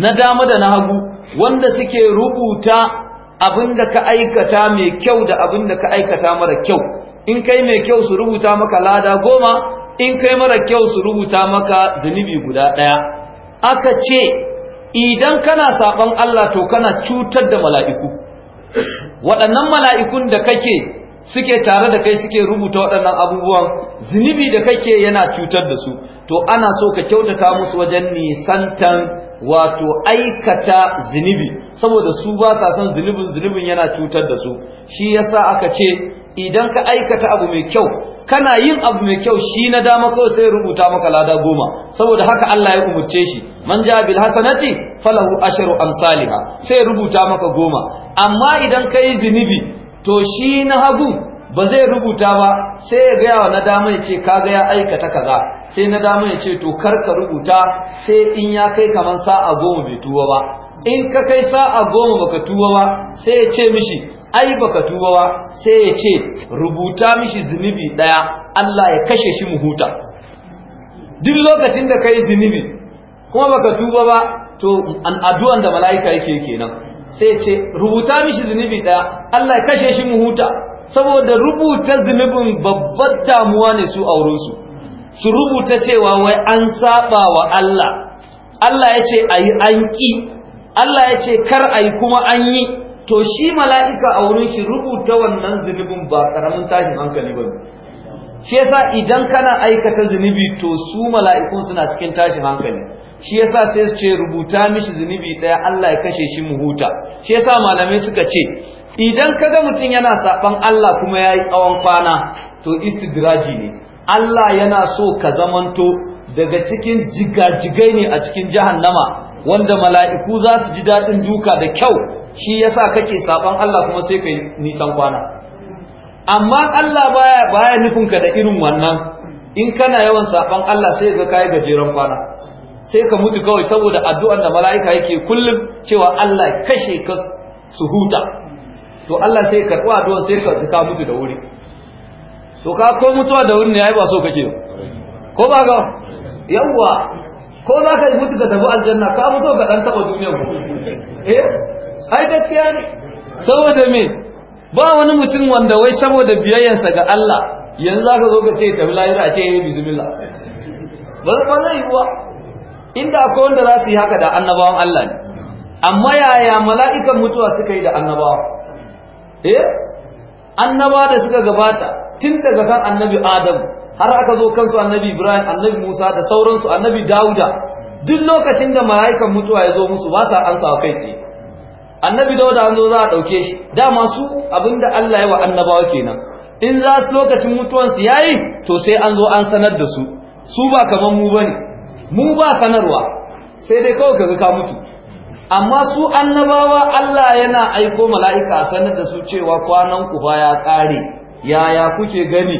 na dama da na hagu wanda suke rubuta abinda ka aikata mai kyau da abinda ka aikata mara kyau in kai mai kyau su rubuta maka lada goma in kai mara kyau su rubuta maka zunubi guda ɗaya aka ce idan kana saɓan Allah to kana cutar da mala'iku waɗannan mala'ikun da kake suke tare da kai suke rubuta waɗannan abubuwan zunubi da kake yana cutar da su to ana so ka kyautata musu wajen nisantan wato aikata zunubi saboda su ba sa son zunubin zunubin yana cutar da su shi yasa aka ce idan ka aikata abu mai kyau kana yin abu mai kyau shi na dama kawai sai rubuta maka lada goma saboda haka Allah ya umurce shi man ja bil hasanati falahu asharu amsalha sai rubuta maka goma amma idan kai zunubi to shi na hagu ba zai rubuta ba sai ya gaya wa na dama ya ce kaga ya aikata kaza sai na dama ya ce to kar ka rubuta sai in ya kai kamar sa'a goma bai tuwa ba in ka kai sa'a goma baka tuwa ba sai ya ce mishi ai baka tuwa ba sai ya ce rubuta mishi zunubi daya Allah ya kashe shi mu huta duk lokacin da ka yi zunubi kuma baka tuba ba to an addu'an da mala'ika yake kenan sai ce rubuta mishi zunubi ɗaya Allah ya kashe shi mu huta saboda rubuta zunubin babbar damuwa ne su aurensu su rubuta cewa wai an saba wa Allah Allah ya ce a yi an Allah ya ce kar a yi kuma an yi to shi mala'ika a wurin shi rubuta wannan zunubin ba ƙaramin tashin hankali ba shi yasa idan kana aikata zunubi to su mala'ikun suna cikin tashin hankali shi yasa sai su ce rubuta mishi zunubi ɗaya Allah ya kashe shi mu huta shi yasa malamai suka ce idan ka ga mutum yana saɓan Allah kuma ya yi tsawon kwana to istidraji ne Allah yana so ka zamanto daga cikin jigajigai ne a cikin jahannama wanda mala'iku za su ji daɗin duka da kyau shi yasa kake saɓan Allah kuma sai yi nisan kwana amma Allah baya baya ka da irin wannan in kana yawan saɓan Allah sai ga kayi gajeren kwana sai ka mutu kawai saboda addu'an da mala'ika yake kullum cewa Allah kashe ka su huta to Allah sai ka karɓi addu'an sai ka ka mutu da wuri to ka ko mutuwa da wuri ne ai ba so kake ko ba ga yawwa ko za ka mutu ka tafi aljanna ka fi so ka ɗan taɓa duniyar ku eh ai gaskiya ne saboda me ba wani mutum wanda wai saboda biyayyarsa ga Allah yanzu za ka zo ka ce tafi lahira a ce eh, bismillah ba zai yi ba inda akwai wanda za su yi haka da annabawan Allah ne amma yaya mala'ikan mutuwa suka yi da annabawa eh annaba da suka gabata tun daga kan annabi Adam har aka zo kansu annabi Ibrahim annabi Musa da sauransu annabi dauda duk lokacin da mala'ikan mutuwa ya zo musu ba sa ansa kai tsaye annabi dauda an zo za a dauke shi dama su abinda Allah ya wa annabawa kenan in za su lokacin mutuwansu yayi to sai an zo an sanar da su su ba kamar mu bane mu ba sanarwa sai dai kawai kaga ka mutu amma su annabawa Allah yana aiko mala'ika a sanar da su cewa kwanan ku ba ya ƙare yaya kuke gani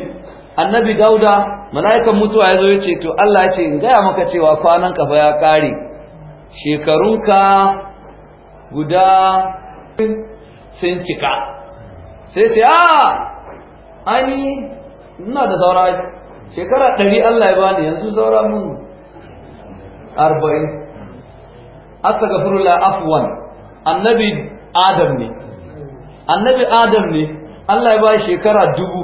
annabi dauda mala'ikan mutuwa ya zo ya ce to Allah ya ce in gaya maka cewa kwanan ka fa ya ƙare shekarunka guda sun cika sai ce a ani ina da saura shekara ɗari Allah ya bani yanzu saura mun arba'in astaghfirullah afwan annabi adam ne annabi adam ne Allah ya ba shekara dubu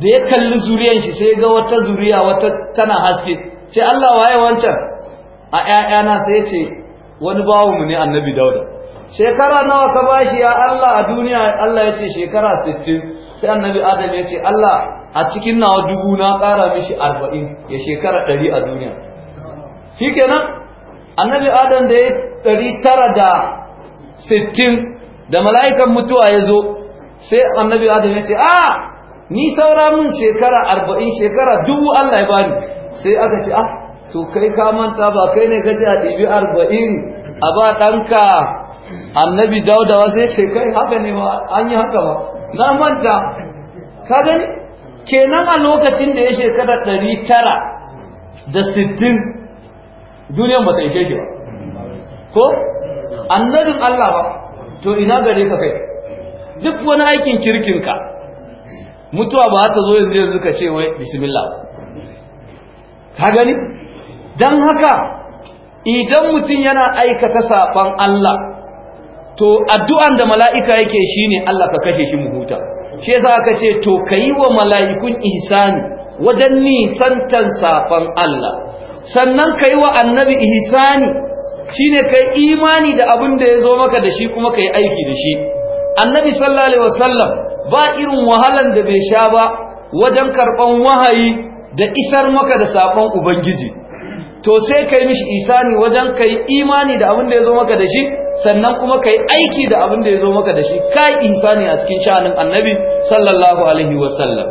da ya kalli zuriyar shi sai ga wata zuriya wata tana haske ce Allah waye wancan a ƴaƴana sai ce wani bawo mu ne annabi dauda shekara nawa ka bashi ya Allah a duniya Allah ya ce shekara 60 sai annabi adam ya ce Allah a cikin nawa dubu na ƙara mishi 40 ya shekara 100 a duniya shi kenan annabi adam da ya ɗari tara da sittin da mala'ikan mutuwa ya zo sai annabi adam ya ce a ni saura min shekara arba'in shekara dubu allah ya bani sai aka ce a to kai ka manta ba kai ne gaji a ɗibi arba'in a ba ɗanka annabi daudawa sai ce kai haka ne ba an yi haka ba na manta ka gani kenan a lokacin da ya shekara ɗari tara da sittin duniyan ba ta ishe shi ba ko annabin Allah ba to ina gare ka kai duk wani aikin kirkin ka mutuwa ba ta zo yanzu yanzu ka ce wai bismillah ka gani dan haka idan mutum yana aikata safan Allah to addu'an da mala'ika yake shine Allah ka kashe shi mu huta shi yasa aka ce to kayi wa mala'ikun ihsani wajen nisantan safan Allah sannan ka yi wa annabi ihsani shine ka imani da abin da ya zo maka da shi kuma ka yi aiki da shi annabi sallallahu alaihi wasallam ba irin wahalan da bai sha ba wajen karɓan wahayi da isar maka da sabon ubangiji to sai kai mishi isani wajen kai imani da abin da ya zo maka da shi sannan kuma kai aiki da abin da ya zo maka da shi kai isani a cikin sha'anin annabi sallallahu alaihi wasallam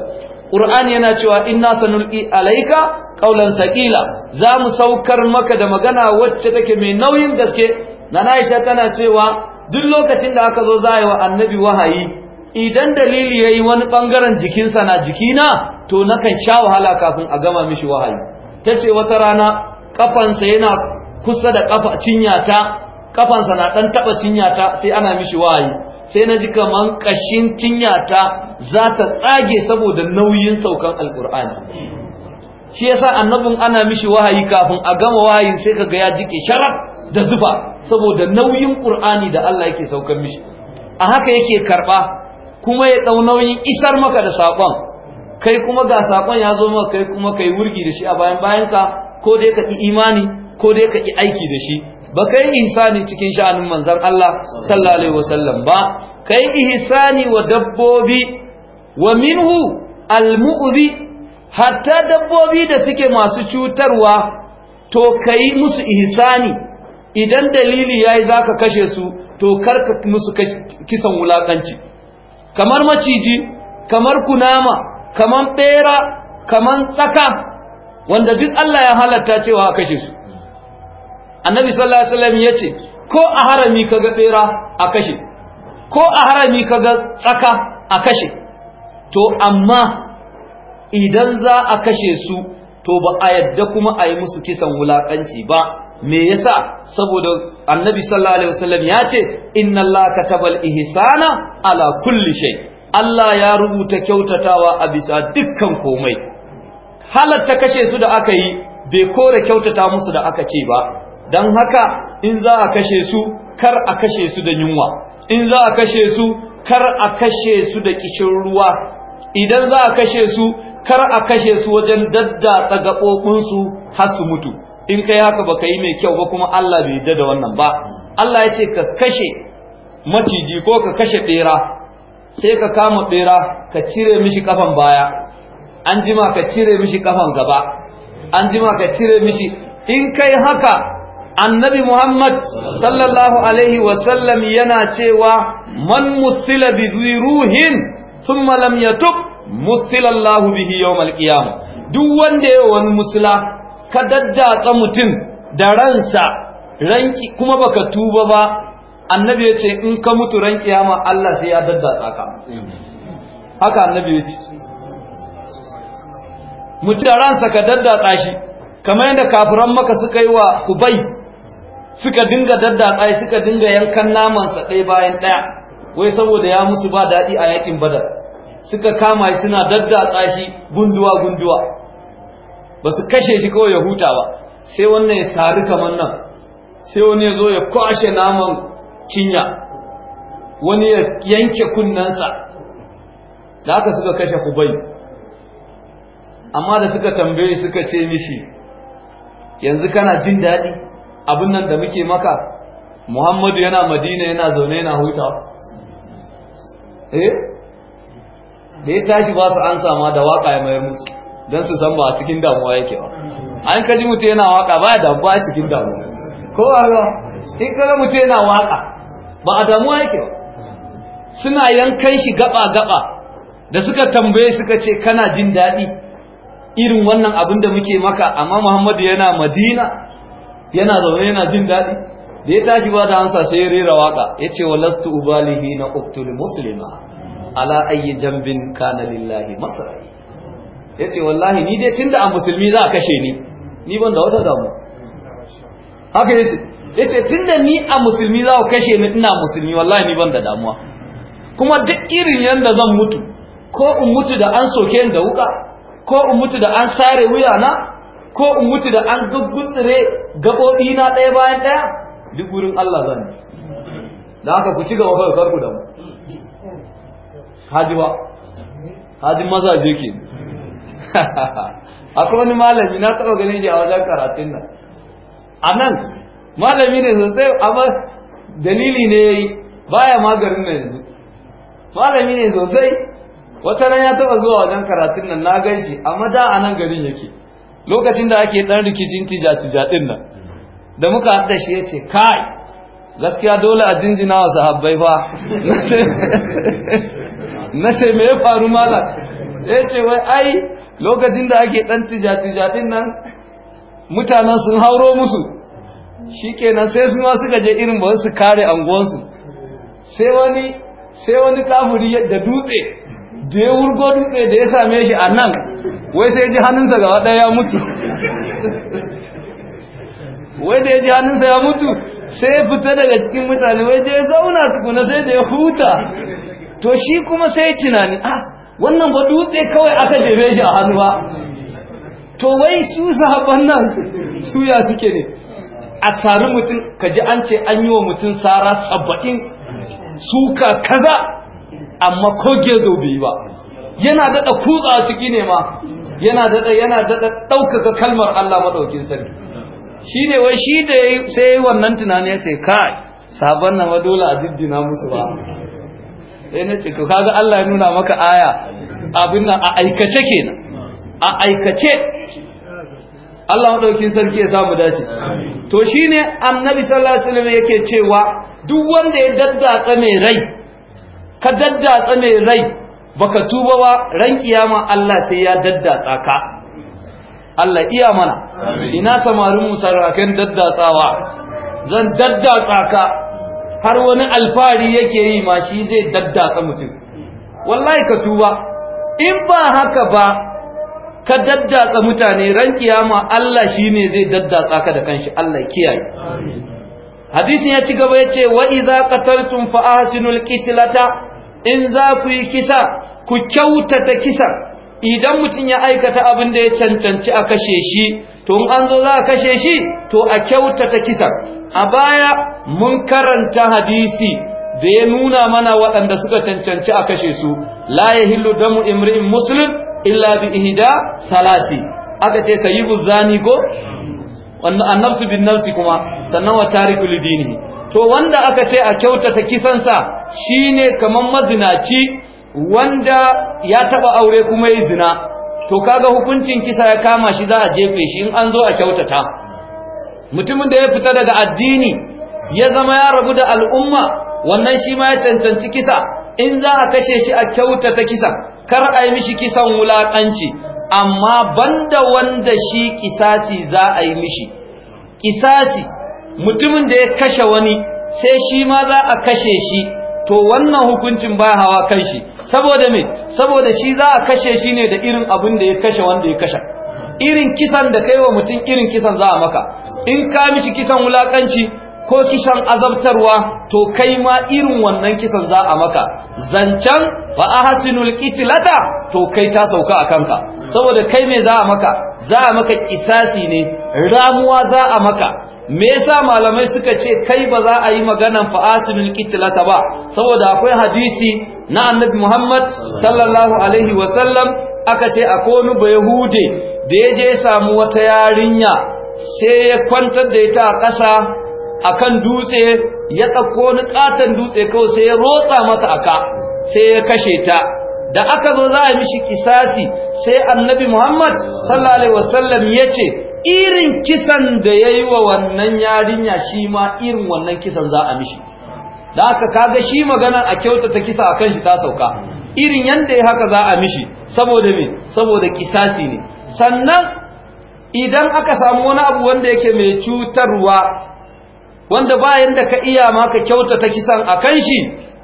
Qur'ani yana cewa inna sanulqi alayka qawlan saqila za mu saukar maka da magana wacce take mai nauyin gaske nana Aisha tana cewa duk lokacin da aka zo za a yi wa annabi wahayi idan dalili yayi wani bangaren jikinsa na jikina to nakan sha wahala kafin a gama mishi wahayi tace wata rana kafansa yana kusa da kafa cinyata kafansa na dan taba cinyata sai ana mishi wahayi sai na ji kaman kashin cinyata za ta tsage saboda nauyin saukan alkur'ani shi yasa annabin ana mishi wahayi kafin a gama wahayin sai kaga ya jike sharaf da zuba saboda nauyin ƙur'ani da Allah yake saukan mishi a haka yake karɓa, kuma ya dau nauyin isar maka da sakon kai kuma ga sakon ya zo maka kai kuma kai wurgi da shi a bayan bayanka ko dai ka ƙi imani ko dai ka ƙi aiki da shi ba ka yi ihsani cikin sha'anin manzan Allah sallallahu alaihi wasallam ba kai ihsani wa dabbobi wa minhu almu'zi hatta dabbobi da suke masu cutarwa to kai musu ihsani idan dalili yayi zaka kashe su to karka musu kisan wulakanci kamar maciji kamar kunama kamar bera kamar tsaka wanda duk Allah ya halatta cewa a kashe su annabi sallallahu alaihi wasallam ya ce ko a harami ka bera a kashe ko a harami kaga tsaka a kashe to amma idan za a kashe su to ba a yadda kuma a yi musu kisan wulaƙanci ba me yasa saboda annabi sallallahu alaihi wasallam ya ce inna allaha katabal ihsana ala kulli shay' Allah ya rubuta kyautatawa a bisa dukkan komai halatta kashe su da aka yi bai kore kyautata musu da aka ce ba don haka in za a kashe su kar a kashe su da yunwa in za a kashe su kar a kashe su da kishin ruwa idan za a kashe su kar a kashe su wajen daddatsa gaɓoɓinsu har su mutu in kai haka ba ka yi mai kyau ba kuma Allah bai yadda da wannan ba Allah ya ce ka kashe maciji ko ka kashe ɓera sai ka kama ɓera ka cire mishi kafan baya an jima ka cire mishi kafan gaba an jima ka cire mishi in kai haka annabi Muhammad sallallahu alaihi wasallam yana cewa man musila bi ruhin thumma lam yatub musila Allah bihi yawmal qiyamah duk wanda ya wani musula ka daddatsa mutum da ransa ranki kuma baka tuba ba annabi ya ce in ka mutu ran kiyama Allah sai ya daddatsa ka haka annabi ya ce mutu da ransa ka daddatsa shi kamar yadda kafiran maka suka yi wa kubai suka dinga daddatsa suka dinga yankan namansa ɗaya bayan ɗaya wai saboda ya musu ba daɗi a yakin badar suka kama shi suna daddatsa shi gunduwa gunduwa ba su kashe shi kawai ya huta ba sai wannan ya sari kamar nan sai wani ya zo ya kwashe naman cinya wani ya yanke kunnensa da haka suka kashe kubai amma da suka tambaye suka ce mishi yanzu kana jin daɗi abin nan da muke maka muhammadu yana madina yana zaune yana hutawa? eh da ya tashi ba su an sama da waka ya mayar musu don su san ba a cikin damuwa yake ba an kaji mutu yana waka ba da ba a cikin damuwa ko a in kaga mutu yana waka ba a damuwa yake ba suna yankan shi gaba-gaba da suka tambaye suka ce kana jin daɗi irin wannan abin da muke maka amma muhammadu yana madina yana zaune yana jin daɗi da ya tashi ba da hansa sai ya rera waka ya ce wa lastu ubalihi na uktul muslima ala ayi jambin kana lillahi masarai ya ce wallahi ni dai tun da a musulmi za a kashe ni ni ban da wata damu haka ya ce ya ce tun da ni a musulmi za a kashe ni ina musulmi wallahi ni ban da damuwa kuma duk irin yadda zan mutu ko in mutu da an soke da wuka ko in mutu da an sare wuya na ko in mutu da an guggutsire gaɓoɓi na ɗaya bayan ɗaya duk wurin Allah zan yi. da haka ku ci gaba fa karku da mu haji ba haji mazaje ke akwai wani malami na taɓa ganin shi a wajen karatun nan a nan malami ne sosai amma dalili ne ya yi baya magarin na yanzu malami ne sosai wata nan ya taɓa zuwa wajen karatun nan na gan shi amma da a nan garin yake lokacin da ake ɗan rikicin tija-tija din nan da muka haɗa shi ya ce kai gaskiya dole a jinjina wa sahabbai fa na ce me ya faru mala ya ce wai ai lokacin da ake dan tija-tija nan mutanen sun hauro musu shi kenan sai suna suka je irin ba su kare anguwansu sai wani sai wani kafuri da dutse da ya wurgo dutse da ya same shi a nan wai sai ji hannunsa gaba ɗaya ya mutu wai da ya ji hannunsa ya mutu sai ya fita daga cikin mutane wai da ya zauna tukuna sai da ya huta to shi kuma sai tunani ah wannan ba dutse kawai aka jefe shi a hannu ba to wai su sahabban nan suya suke ne a sari mutum Ka ji an ce an yi wa mutum tsara saba'in suka kaza amma ko gezo bai yi ba yana daɗa kutsa ciki ne ma yana daɗa yana dada ɗaukaka kalmar Allah madaukin sarki shi ne wai shi da sai wannan tunanin ya ce kai sabon na ma dole a jijjina musu ba sai na ce kaga Allah ya nuna maka aya abin nan a aikace kenan a aikace Allah madaukin sarki ya samu dace to shine annabi sallallahu alaihi wasallam yake cewa duk wanda ya daddatsa mai rai ka daddatsa mai rai baka tuba ba ran kiyama Allah sai ya daddatsa ka Allah iya mana ina samarin musarrakan daddatsawa zan daddatsa ka har wani alfari yake yi ma shi zai daddatsa mutum wallahi ka tuba in ba haka ba ka daddatsa mutane ran kiyama Allah shine zai daddatsa ka da kanshi Allah kiyaye amin hadisin ya ci gaba ya ce wa iza qataltum fa ahsinul qitlata in za ku yi kisa ku kyautata kisa idan mutum ya aikata abin da ya cancanci a kashe shi to an zo za a kashe shi to a kyautata kisa a baya mun karanta hadisi da ya nuna mana waɗanda suka cancanci a kashe su la ya yahillu damu imri'in muslim illa bi ihda salasi aka ce sayyibu zani go annafsu bin nafsi kuma sannan wa tariku lidini to wanda aka ce a kyautata kisan sa shine kaman mazinaci wanda ya taba aure kuma yi zina to kaga hukuncin kisa ya kama shi za a jefe shi in an zo a kyautata mutumin da ya fita daga addini ya zama ya rabu da al'umma wannan shi ma ya cancanci kisa in za a kashe shi a kyautata kisa kar a yi mishi kisan wulakanci amma banda wanda shi kisasi za a yi mishi kisasi mutumin da ya kashe wani sai shi ma za a kashe shi to wannan hukuncin ba hawa kan shi saboda me saboda shi za a kashe shi ne da irin abin da ya kashe wanda ya kashe irin kisan da kai wa mutum irin kisan za a maka in ka mishi kisan wulakanci ko kisan azabtarwa to kai ma irin wannan kisan za a maka zancan ba a hasinul kitilata to kai ta sauka a kanka saboda kai me za a maka za a maka kisasi ne ramuwa za a maka me yasa malamai suka ce kai ba za a yi maganan fa'asinul kitilata ba saboda akwai hadisi na annabi muhammad sallallahu alaihi sallam aka ce akwai wani bayahude da ya je samu wata yarinya sai ya kwantar da ita a ƙasa akan dutse ya tsakko wani ƙaton dutse kawai sai ya rotsa masa aka sai ya kashe ta da aka zo za a mishi kisasi sai annabi Muhammad sallallahu alaihi wasallam ya ce irin kisan da ya yi wa wannan yarinya shi ma irin wannan kisan za a mishi da aka kaga shi magana a kyauta ta kisa akan shi ta sauka irin yanda ya haka za a mishi saboda me saboda kisasi ne sannan idan aka samu wani abu wanda yake mai cutarwa wanda bayan da ka iya ma ka kyautata kisan a kan shi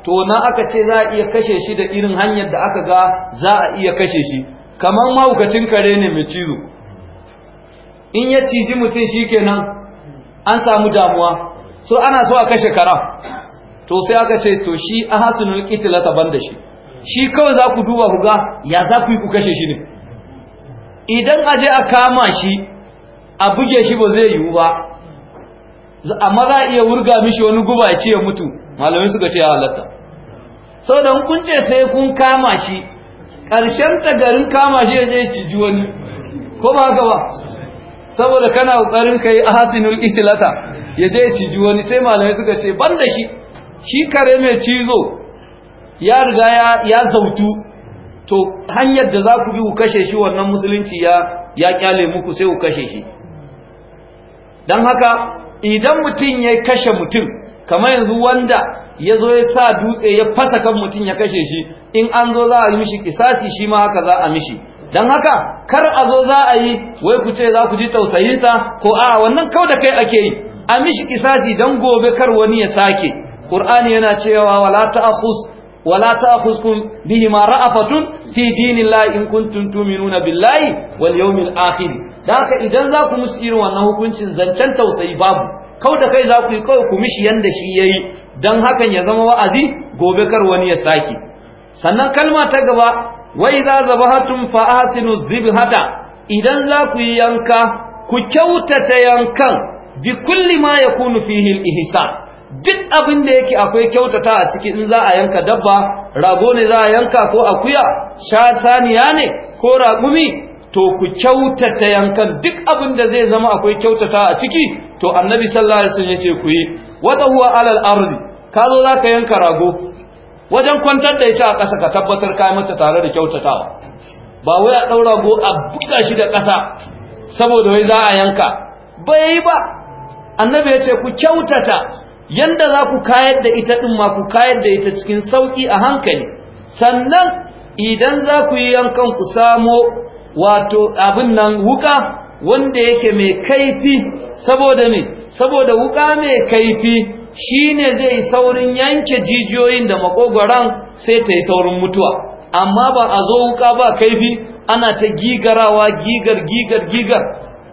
to na aka ce za a iya kashe shi da irin hanyar da aka ga za a iya kashe shi kamar mahaukacin kare ne mai cizo in ya ciji mutum shi kenan an samu damuwa so ana so a kashe kara to sai aka ce to shi a hasunul kitila ta da shi shi kawai za ku duba ku ga ya za ku yi ku kashe shi ne idan aje a kama shi a buge shi ba zai yiwu ba amma za a iya wurga mishi wani guba ya ce ya mutu malamai suka ce ya halatta saboda kun ce sai kun kama shi ƙarshen tagarin kama shi ya je ciji wani ko ba haka ba saboda kana ƙoƙarin kai ahsinul itilata ya je ciji wani sai malamai suka ce ban da shi shi kare mai cizo ya riga ya zautu to hanyar da za ku bi ku kashe shi wannan musulunci ya ya kyale muku sai ku kashe shi don haka idan mutum ya kashe mutum kamar yanzu wanda ya zo ya sa dutse ya fasa kan mutum ya kashe shi in an zo za a yi mishi kisasi shi ma haka za a mishi don haka kar a zo za a yi wai ku ce za ku ji tausayinsa ko a wannan kau da kai ake yi a mishi kisasi don gobe kar wani ya sake ƙur'ani yana cewa wala ta'khus ولا تأخذكم بهما رأفة في دين الله إن كنتم billahi, wal واليوم الآخر da haka idan za ku musu irin wannan hukuncin zancen tausayi babu kau da kai za ku yi kawai ku mishi yanda shi ya yi don hakan ya zama wa'azi gobe kar wani ya sake sannan kalma ta gaba wai za zabahatun fa'asinu hata idan za ku yi yanka ku kyautata yankan bi kulli ma yakunu fihi al-ihsan duk abin da yake akwai kyautata a ciki in za a yanka dabba rago ne za a yanka ko akuya shataniya ne ko raƙumi to ku kyautata yankan duk abin da zai zama akwai kyautata a ciki to annabi sallallahu alaihi wasallam yace ku yi wada huwa alal ardi ka zo zaka yanka rago wajen kwantar da ita a ƙasa ka tabbatar ka mata tare da kyautatawa ba wai a ɗaura go a buga shi da ƙasa saboda wai za a yanka Ba yi ba annabi yace ku kyautata yanda za ku kayar da ita ɗin ma ku kayar da ita cikin sauƙi a hankali sannan idan za ku yi yankan ku samo wato abin nan wuka wanda yake mai kaifi saboda me saboda wuka mai kaifi shine zai saurin yanke jijiyoyin da makogoran sai ta yi saurin mutuwa amma ba a zo wuka ba kaifi ana ta gigarawa gigar gigar gigar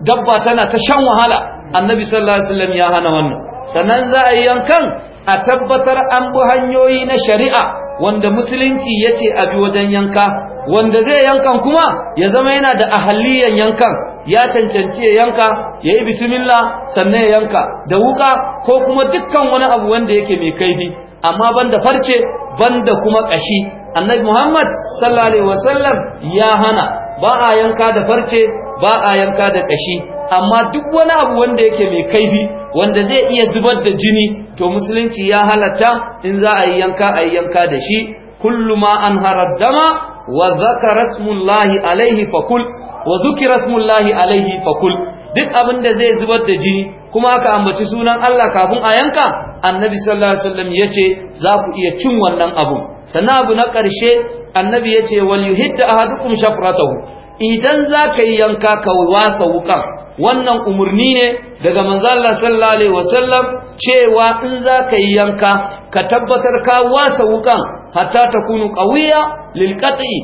dabba tana ta shan wahala annabi sallallahu alaihi wasallam ya hana wannan sannan za a yi yankan a tabbatar an bi hanyoyi na shari'a wanda musulunci ya ce a bi wajen yanka wanda zai yankan kuma ya zama yana da ahalliyan yankan ya cancanci ya yanka ya yi bismillah sannan ya yanka da wuka ko kuma dukkan wani abu wanda yake mai kaifi amma banda farce banda kuma kashi annabi muhammad sallallahu alaihi wasallam ya hana ba a yanka da farce ba a yanka da kashi amma duk wani abu wanda yake mai kaifi wanda zai iya zubar da jini to musulunci ya halatta in za a yi yanka a yi yanka da shi kullu ma an harar dama wa zakara smullahi alaihi fakul wa zukira smullahi alaihi fakul duk abin da zai zubar da jini kuma aka ambaci sunan Allah kafin a yanka annabi sallallahu alaihi wasallam yace za ku iya cin wannan abun sannan abu na ƙarshe annabi yace wal yuhidda ahadukum shafratahu idan za ka yi yanka ka wasa wukan wannan umarni ne daga manzala sallallahu alaihi wasallam cewa in za ka yi yanka ka tabbatar ka wasa wukan hatta ta kunu ƙawiya lilƙatsi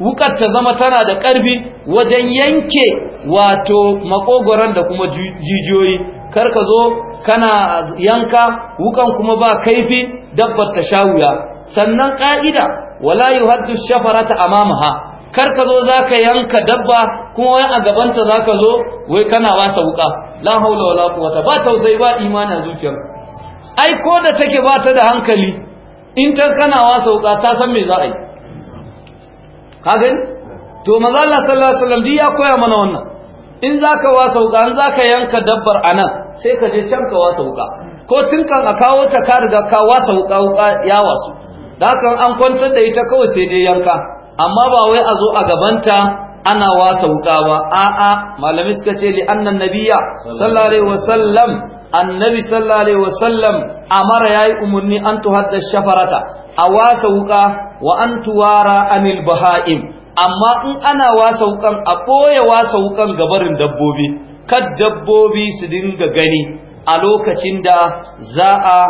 wukar ta zama tana da ƙarfi wajen yanke wato makogoron da kuma jijiyoyi kar ka zo kana yanka wukan kuma ba kaifi dabbar ta sha wuya sannan ƙa'ida wala yuhaddu shafarata amamaha kar ka zo za ka yanka dabba kuma wani a gabanta za ka zo wai kana wasa wuka la haula wala quwwata ba tausayi ba imani a zuciyar ai ko da take ba ta da hankali in ta kana wasa wuka ta san me za a yi ka gani to manzo Allah sallallahu alaihi wasallam ya koya mana wannan in za ka wasa wuka in za ka yanka dabbar anan sai ka je can ka wasa wuka ko tun kan a kawo ta ka riga ka wasa wuka wuka ya wasu da kan an kwantar da ita kawai sai dai yanka amma ba wai a zo a gabanta ana wasa wuka ba a'a malami suka ce li annan nabiyya sallallahu alaihi wasallam annabi sallallahu alaihi wasallam amara yayi umarni, an tuhadda shafarata a wasa wuka wa an tuwara anil bahaim amma in ana wasa wukan a boye wasa wukan gabarin dabbobi kad dabbobi su dinga gani a lokacin da za a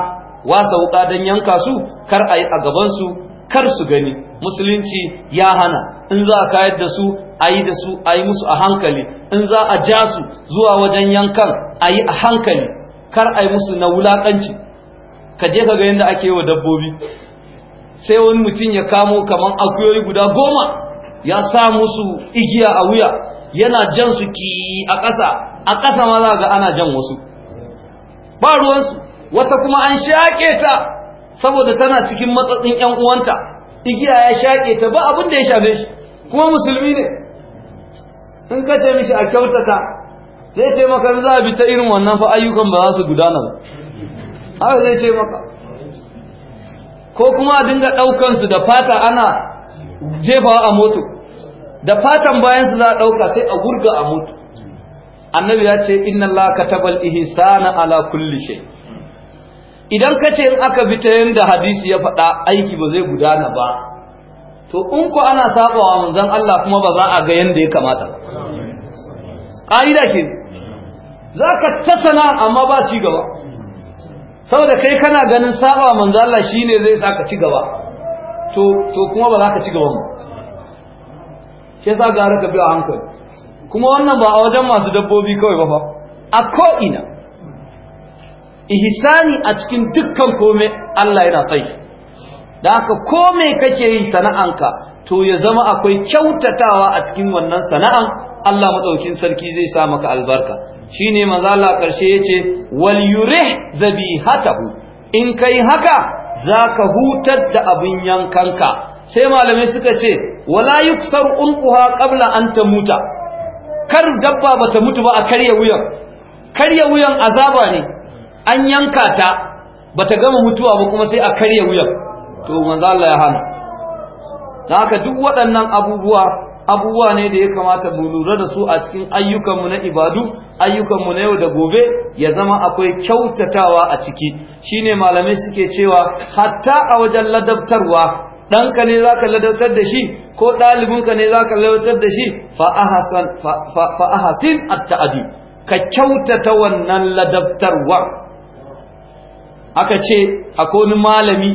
wasa wuka don yanka su kar a yi a gabansu kar su gani musulunci ya hana in za a kayar da su a yi da su a yi musu a hankali in za a ja su zuwa wajen yankan a yi a hankali kar a yi musu na wulaƙanci ka je ka ga yadda ake yi wa dabbobi sai wani mutum ya kamo kamar akuyoyi guda goma ya sa musu igiya a wuya yana jan su ki a ƙasa a ƙasa ma za ga ana jan wasu ba ruwansu wata kuma an shaƙe ta saboda tana cikin matsatsin 'yan uwanta igiya ya shaƙe ta ba abinda ya shafe shi kuma musulmi ne in ka ce mishi a kyautata zai ce maka za a bi ta irin wannan fa ayyukan ba za su gudana ba haka zai ce maka ko kuma a dinga ɗaukansu da fata ana jefawa a moto da fatan bayansu za a ɗauka sai a gurga a moto annabi ya ce inna Allah katabal ihsana ala kulli shay' idan ka ce in aka bi ta yadda hadisi ya faɗa aiki ba zai gudana ba to in ko ana saba wa manzon Allah kuma ba za a ga yadda ya kamata ƙa'ida ke za ka ta amma ba ci gaba saboda kai kana ganin saba wa manzon Allah shine zai sa ka ci gaba to to kuma ba za ka ci gaba ba ke sa ga ka bi a hankali kuma wannan ba a wajen masu dabbobi kawai ba ba a ko'ina ihsani a cikin dukkan kome Allah yana sai da haka kome kake yi sana'anka to ya zama akwai kyautatawa a cikin wannan sana'an Allah madaukin sarki zai sa maka albarka shine manzo Allah karshe yace wal yurih dhabihatahu in kai haka zaka hutar da abin ka. sai malamai suka ce wala yuksar unquha qabla an tamuta kar dabba bata mutu ba a karya wuyan karya wuyan azaba ne an yanka ta ba ta gama mutuwa ba kuma sai a karya wuyar. to manzo Allah ya hana dan haka duk waɗannan abubuwa abubuwa ne da ya kamata mu lura da su a cikin ayyukanmu na ibadu ayyukanmu na yau da gobe ya zama akwai kyautatawa a ciki shine malamai suke cewa hatta a wajen ladabtarwa ɗanka ne za ladabtar da shi ko ɗalibinka ne za ka ladabtar da shi fa ahsin at-ta'adi ka kyautata wannan ladabtarwa aka ce akwai malami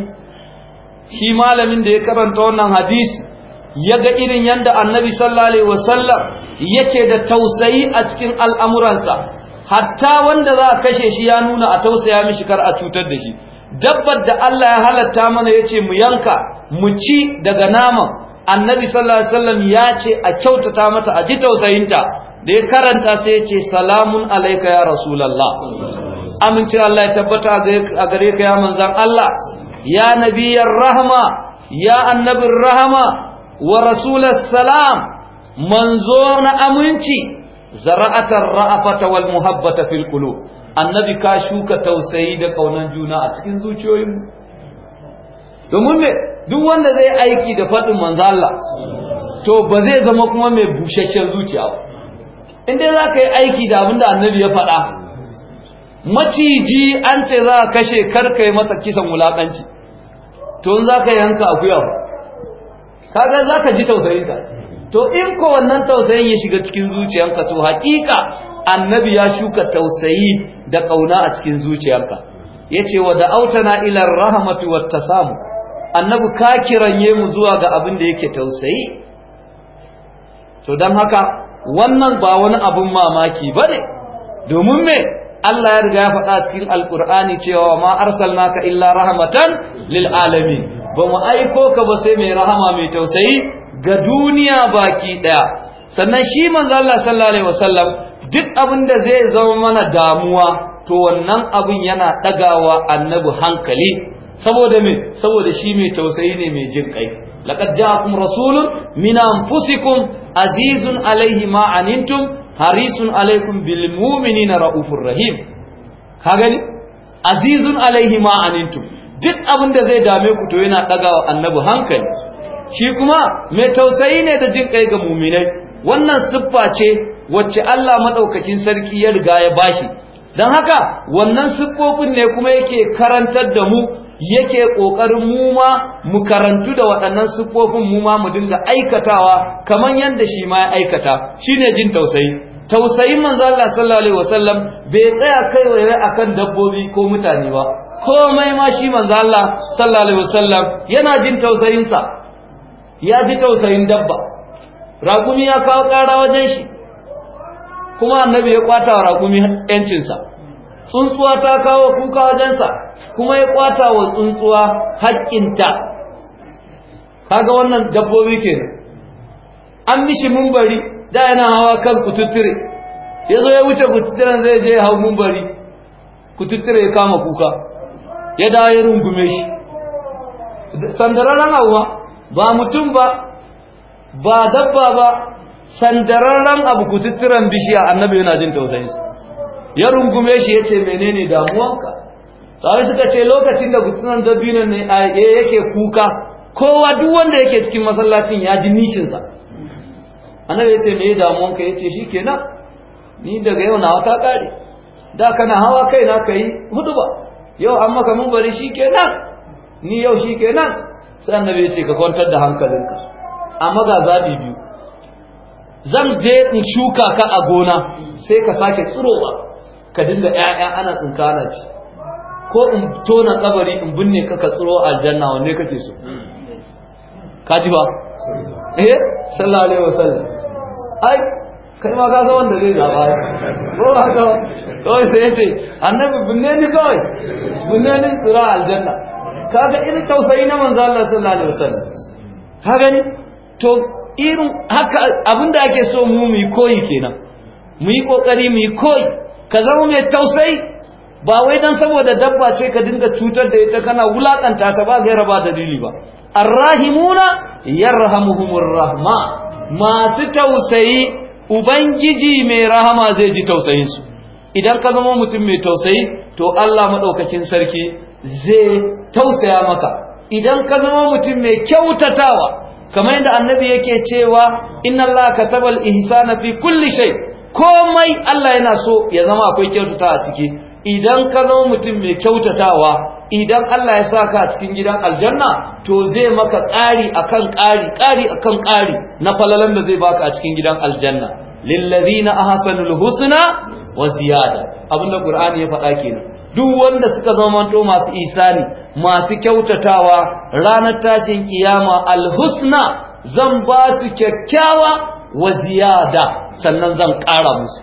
shi malamin da ya karanta wannan hadisi ya ga irin yadda annabi sallallahu alaihi wasallam yake da tausayi a cikin al'amuransa hatta wanda za a kashe shi ya nuna a tausaya mishi kar a cutar da shi dabbar da Allah ya halatta mana ya ce mu yanka mu ci daga naman annabi sallallahu alaihi wasallam ya ce a kyautata mata a ji tausayinta da ya karanta sai yace salamun alaika ya rasulallah amincin Allah ya tabbata a gare ka ya manzan Allah ya nabiyar rahama ya annabin rahama wa rasular salam manzo na aminci zara'atar ra'afata wal muhabbata fil annabi ka shuka tausayi da kaunan juna a cikin zuciyoyinmu domin me duk wanda zai aiki da faɗin manzo Allah to ba zai zama kuma mai bushashen zuciya ba in dai za ka yi aiki da abin da annabi ya faɗa maciji an ce za ka kashe karkai masa kisan wulaƙanci to za ka yanka akuya kaga za ka ji tausayinka to in ko wannan tausayin ya shiga cikin zuciyanka to haƙiƙa annabi ya shuka tausayi da ƙauna a cikin zuciyanka ya ce wa da autana ilar rahamatu wata samu annabi ka kiranye mu zuwa ga abin da yake tausayi to don haka wannan ba wani abin mamaki ba ne domin me Allah ya riga ya faɗa cikin alkur'ani cewa ma arsalnaka illa rahmatan lil alamin ba mu aiko ka ba sai mai rahama mai tausayi ga duniya baki ɗaya. sannan shi manzo Allah sallallahu alaihi wasallam duk abin da zai zama mana damuwa to wannan abin yana ɗagawa annabi hankali saboda me saboda shi mai tausayi ne mai jin kai laqad ja'akum rasulun min anfusikum azizun alaihi ma anantum harisun alaikum bil mu'minina raufur rahim ka gani azizun alaihi ma anantum duk abin da zai dame ku to yana dagawa annabi hankali shi kuma mai tausayi ne da jin kai ga mu'minai wannan siffa ce wacce Allah madaukakin sarki ya riga ya bashi don haka wannan siffofin ne kuma yake karantar da mu yake ƙoƙarin mu ma mu karantu da waɗannan siffofin mu ma mu dinga aikatawa kamar yadda shi ma ya aikata shine jin tausayi tausayin manzo Allah sallallahu alaihi wasallam bai tsaya kai waye akan dabbobi ko mutane ba komai ma shi manzo Allah sallallahu alaihi wasallam yana jin tausayin ya ji tausayin dabba ragumi ya kawo ƙara wajen shi kuma annabi ya kwata wa raƙumi yancinsa tsuntsuwa ta kawo kuka wajensa kuma ya kwata wa tsuntsuwa haƙƙinta kaga wannan dabbobi kenan an mishi mumbari da yana hawa kan kututtire ya zo ya wuce kututtiren zai je hau mumbari kututtire ya kama kuka ya dawo ya rungume shi sandararren hauwa ba mutum ba ba dabba ba sandararren abu kututturan bishiya annabi yana jin tausayinsa ya rungume shi ya ce menene damuwanka sahabai suka ce lokacin da gutunan dabinan ne a eh, yake kuka kowa duk wanda yake cikin masallacin ya ji nishinsa annabi ya ce me ya damuwanka ya ce shi kenan ni daga yau nawa ta kare da kana hawa kai na ka yi hudu ba yau an maka mun bari shi kenan ni yau shi kenan sai annabi ya ce ka kwantar da hankalinka amma ga zaɓi biyu zan je in shuka ka a gona sai ka sake tsirowa ka dinga ƴaƴa ana tsinkana ci ko in tona kabari in binne ka ka tsiro aljanna wanne kake so ka ji ba eh sallallahu alaihi wasallam ai kai ma ka san wanda zai zaba ko haka kawai sai sai annabi binne ni kawai binne ni tsira aljanna kaga irin tausayi na manzo Allah sallallahu alaihi wasallam ka gani to irin haka abinda ake so mu mu yi koyi kenan mu yi kokari mu yi koyi ka zama mai tausayi ba wai dan saboda dabba ce ka dinga cutar da ita kana wulakanta ta ba gaira ba dalili ba arrahimuna yarhamuhumur rahma masu tausayi ubangiji mai rahama zai ji tausayin su idan ka zama mutum mai tausayi to Allah madaukakin sarki zai tausaya maka idan ka zama mutum mai kyautatawa kamar yadda annabi yake cewa in Allah ka tabal ihsana fi kulli shay komai Allah yana so ya zama akwai kyautata a ciki idan ka zama mutum mai kyautatawa idan Allah ya saka a cikin gidan aljanna to zai maka ƙari akan ƙari ƙari akan ƙari na falalan da zai baka a cikin gidan aljanna lillazina ahsanul husna wa ziyada abinda qur'ani ya faɗa kenan duk wanda suka zama manto masu isani masu kyautatawa ranar tashin kiyama alhusna zan ba su kyakkyawa wa ziyada sannan zan ƙara musu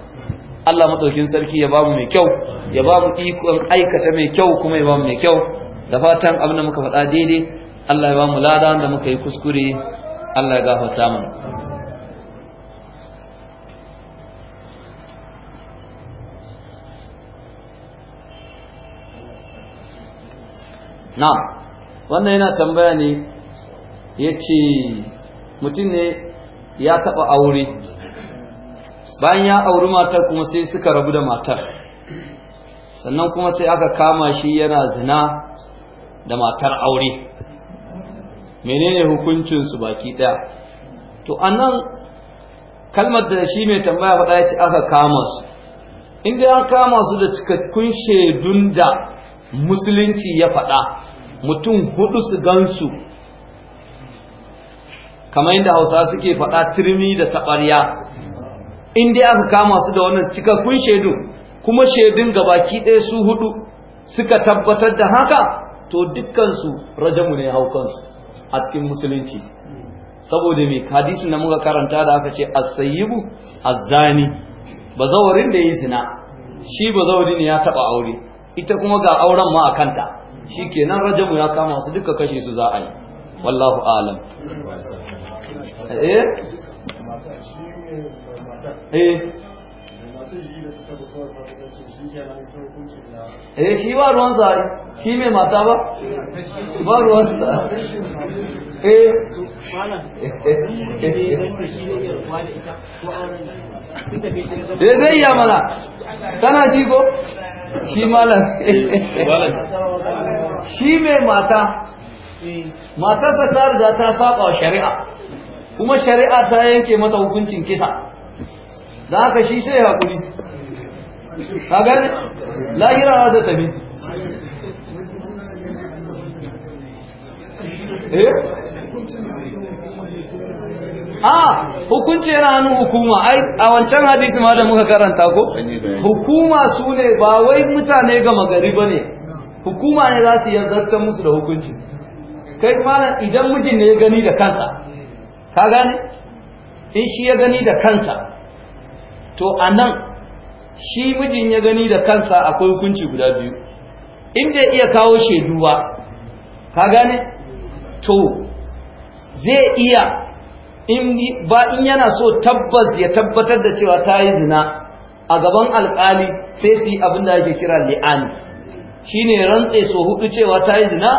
Allah madaukin sarki ya bamu mai kyau ya bamu ikon aikata mai kyau kuma ya bamu mai kyau da fatan abin da muka faɗa daidai Allah ya bamu lada da muka yi kuskure Allah ya gafarta mana na wannan yana tambaya ne ya ce mutum ne ya taɓa aure bayan ya auri matar kuma sai suka rabu da matar sannan kuma sai aka kama shi yana zina da matar aure menene hukuncinsu baki ɗaya to annan kalmar da shi mai tambaya faɗa ya ce aka kama su inda an kama su da cikakkun shaidun da musulunci ya faɗa mutum hudu su gansu kamar yadda hausa suke faɗa turmi da taɓarya inda dai aka kama su da wannan cikakkun shaidu kuma shaidun gabaki ɗaya su hudu suka tabbatar da haka to dukkansu rajamu ne haukansu a cikin musulunci saboda mai hadisi na muka karanta da aka ce asayibu azzani bazawarin da yi zina shi bazawari ne ya taɓa aure ita kuma ga auren ma a kanta Shi shikenan rajamu ya kama su duka kashe su za a yi wallahu alam eh eh, eh shi ba ruwan ruwansa shi mai mata ba ba ruwansa eh ya zai mana tana jigo shi malam shi mai mata matarsa ta riga ta saba wa shari'a kuma shari'a ta yanke mata hukuncin kisa da haka shi sai haƙuri a lahira za ta tafi eh? a ah, hukunci yana hannun hukuma a wancan hadisi ma da muka karanta ko hukuma su ne ba wai mutane ga magari ba ne hukuma ne za su yanzarta musu da hukunci kai malam idan mijin ne ya gani da kansa ka gane in shi ya gani da kansa to a nan shi mijin ya gani da kansa akwai hukunci guda biyu in iya kawo shaidu ba ka gane to zai iya ba in yana so tabbas ya tabbatar da cewa ta yi zina a gaban alkali sai su yi abin da ake kira li'ani Shi ne rantse so hudu cewa ta yi zina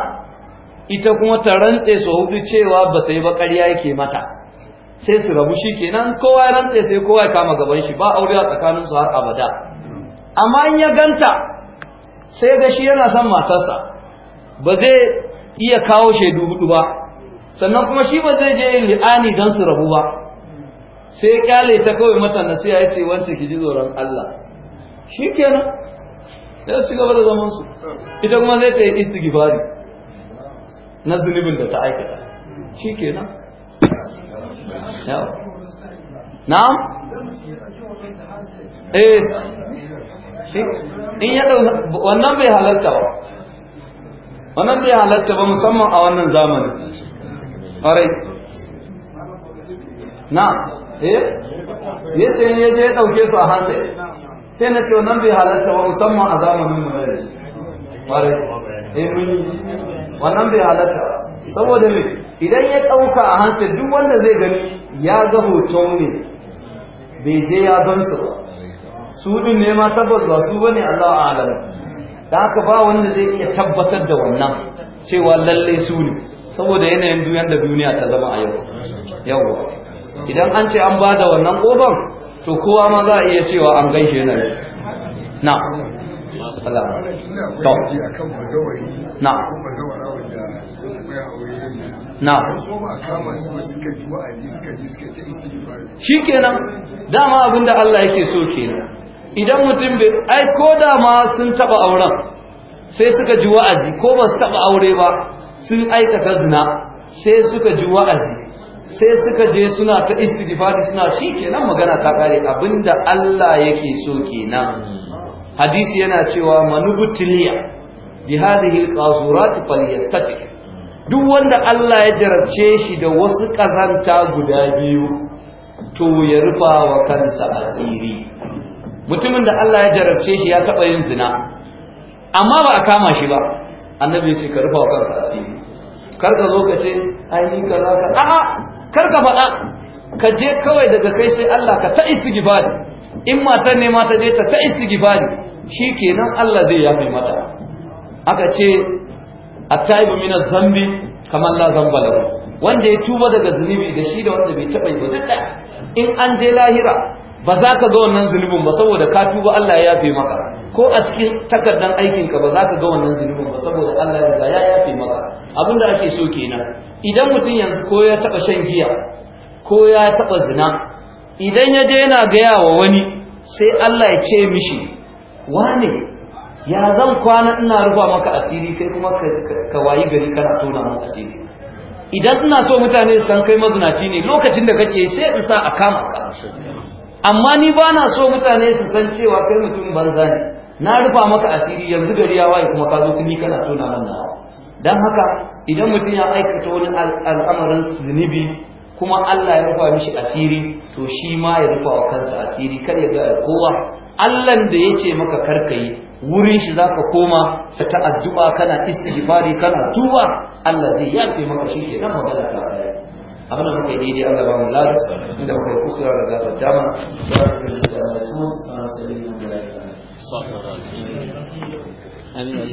ita kuma ta rantse so hudu cewa ba ta yi ba ƙarya yake mata sai su rabu shi kenan kowa ya rantse sai kowa ya kama gaban shi ba aure a tsakanin su har abada amma in ya ganta sai ga shi yana son matarsa ba zai iya kawo shaidu hudu ba sannan kuma shi ba zai je yin li'ani don su rabu ba sai kyale ta kawai mata nasiha ya ce wance ki ji tsoron Allah shi kenan sai su gaba da zaman su ita kuma zai ta yi istighfari na zunubin da ta aikata shi kenan Na? eh in ya wannan bai halarta ba wannan bai halarta ba musamman a wannan zamanin ƙwarai na eh ya ce ne ya je ya ɗauke su a hansa sai na ce wannan bai halarta ba musamman a zamanin mu ne ƙwarai eh mun wannan bai halarta saboda me idan ya ɗauka a hansa duk wanda zai gani ya ga hoto ne bai je ya gan su ba su din ne ma tabbas ba su bane Allah a'lam da haka ba wanda zai iya tabbatar da wannan cewa lalle su ne saboda yanayin duniyar da duniya ta zama a yau yawa idan an ce an ba da wannan ƙoban to kowa ma za a iya cewa an gaishe shi yanayi na to na na shi kenan dama abinda Allah yake so kenan idan mutum bai ai ko da ma sun taba auren sai suka ji wa'azi ko ba su taba aure ba sun aikata zina sai suka ji wa'azi sai suka je suna ta istighfari suna shikenan magana ta kare abinda Allah yake so kenan hadisi yana cewa manubutiliya bi hadhihi alqasurat tafi. duk wanda Allah ya jarabce shi da wasu kazanta guda biyu to ya rufa wa kansa asiri mutumin da Allah ya jarabce shi ya taba yin zina amma ba a kama shi ba annabi ya ce ka rufa wa kanka asiri kar ka zo ka ce ai ka za ka a'a kar ka faɗa ka je kawai daga kai sai Allah ka ta istighfari in matar ne ma ta je ta ta istighfari shikenan Allah zai yafe mata aka ce at-taibu min adh-dhanbi la zamba lahu wanda ya tuba daga zunubi da shi da wanda bai taba yi ba duk in an je lahira ba za ka ga wannan zunubin ba saboda ka tuba Allah ya yafe maka ko a cikin takardar aikinka ba za ka ga wannan zunubin ba saboda Allah ya ya yafe maka abin da ake so kenan idan mutum yanzu ko ya taba shan giya ko ya taba zina idan ya je yana gaya wa wani sai Allah ya ce mishi wane ya zan kwana ina rufa maka asiri kai kuma ka wayi gari kana tona maka asiri idan ina so mutane su san kai mazinaci ne lokacin da kake sai in sa a kama amma ni ba na so mutane su san cewa kai mutum banza ne na rufa maka asiri yanzu gari ya waye kuma ka zo kuni kana tona nan dan haka idan mutum ya aikata wani al'amarin zunubi kuma Allah ya rufa mishi asiri to shi ma ya rufa wa kansa asiri kar ya ga kowa Allah da ya ce maka yi, wurin shi zaka koma sa ta addu'a kana istighfari kana tuba Allah zai yafe maka shi ke kenan magana ta abin da muke daidai Allah ba mu lada da muke kuskura da gafar dama sauran da su sauran da da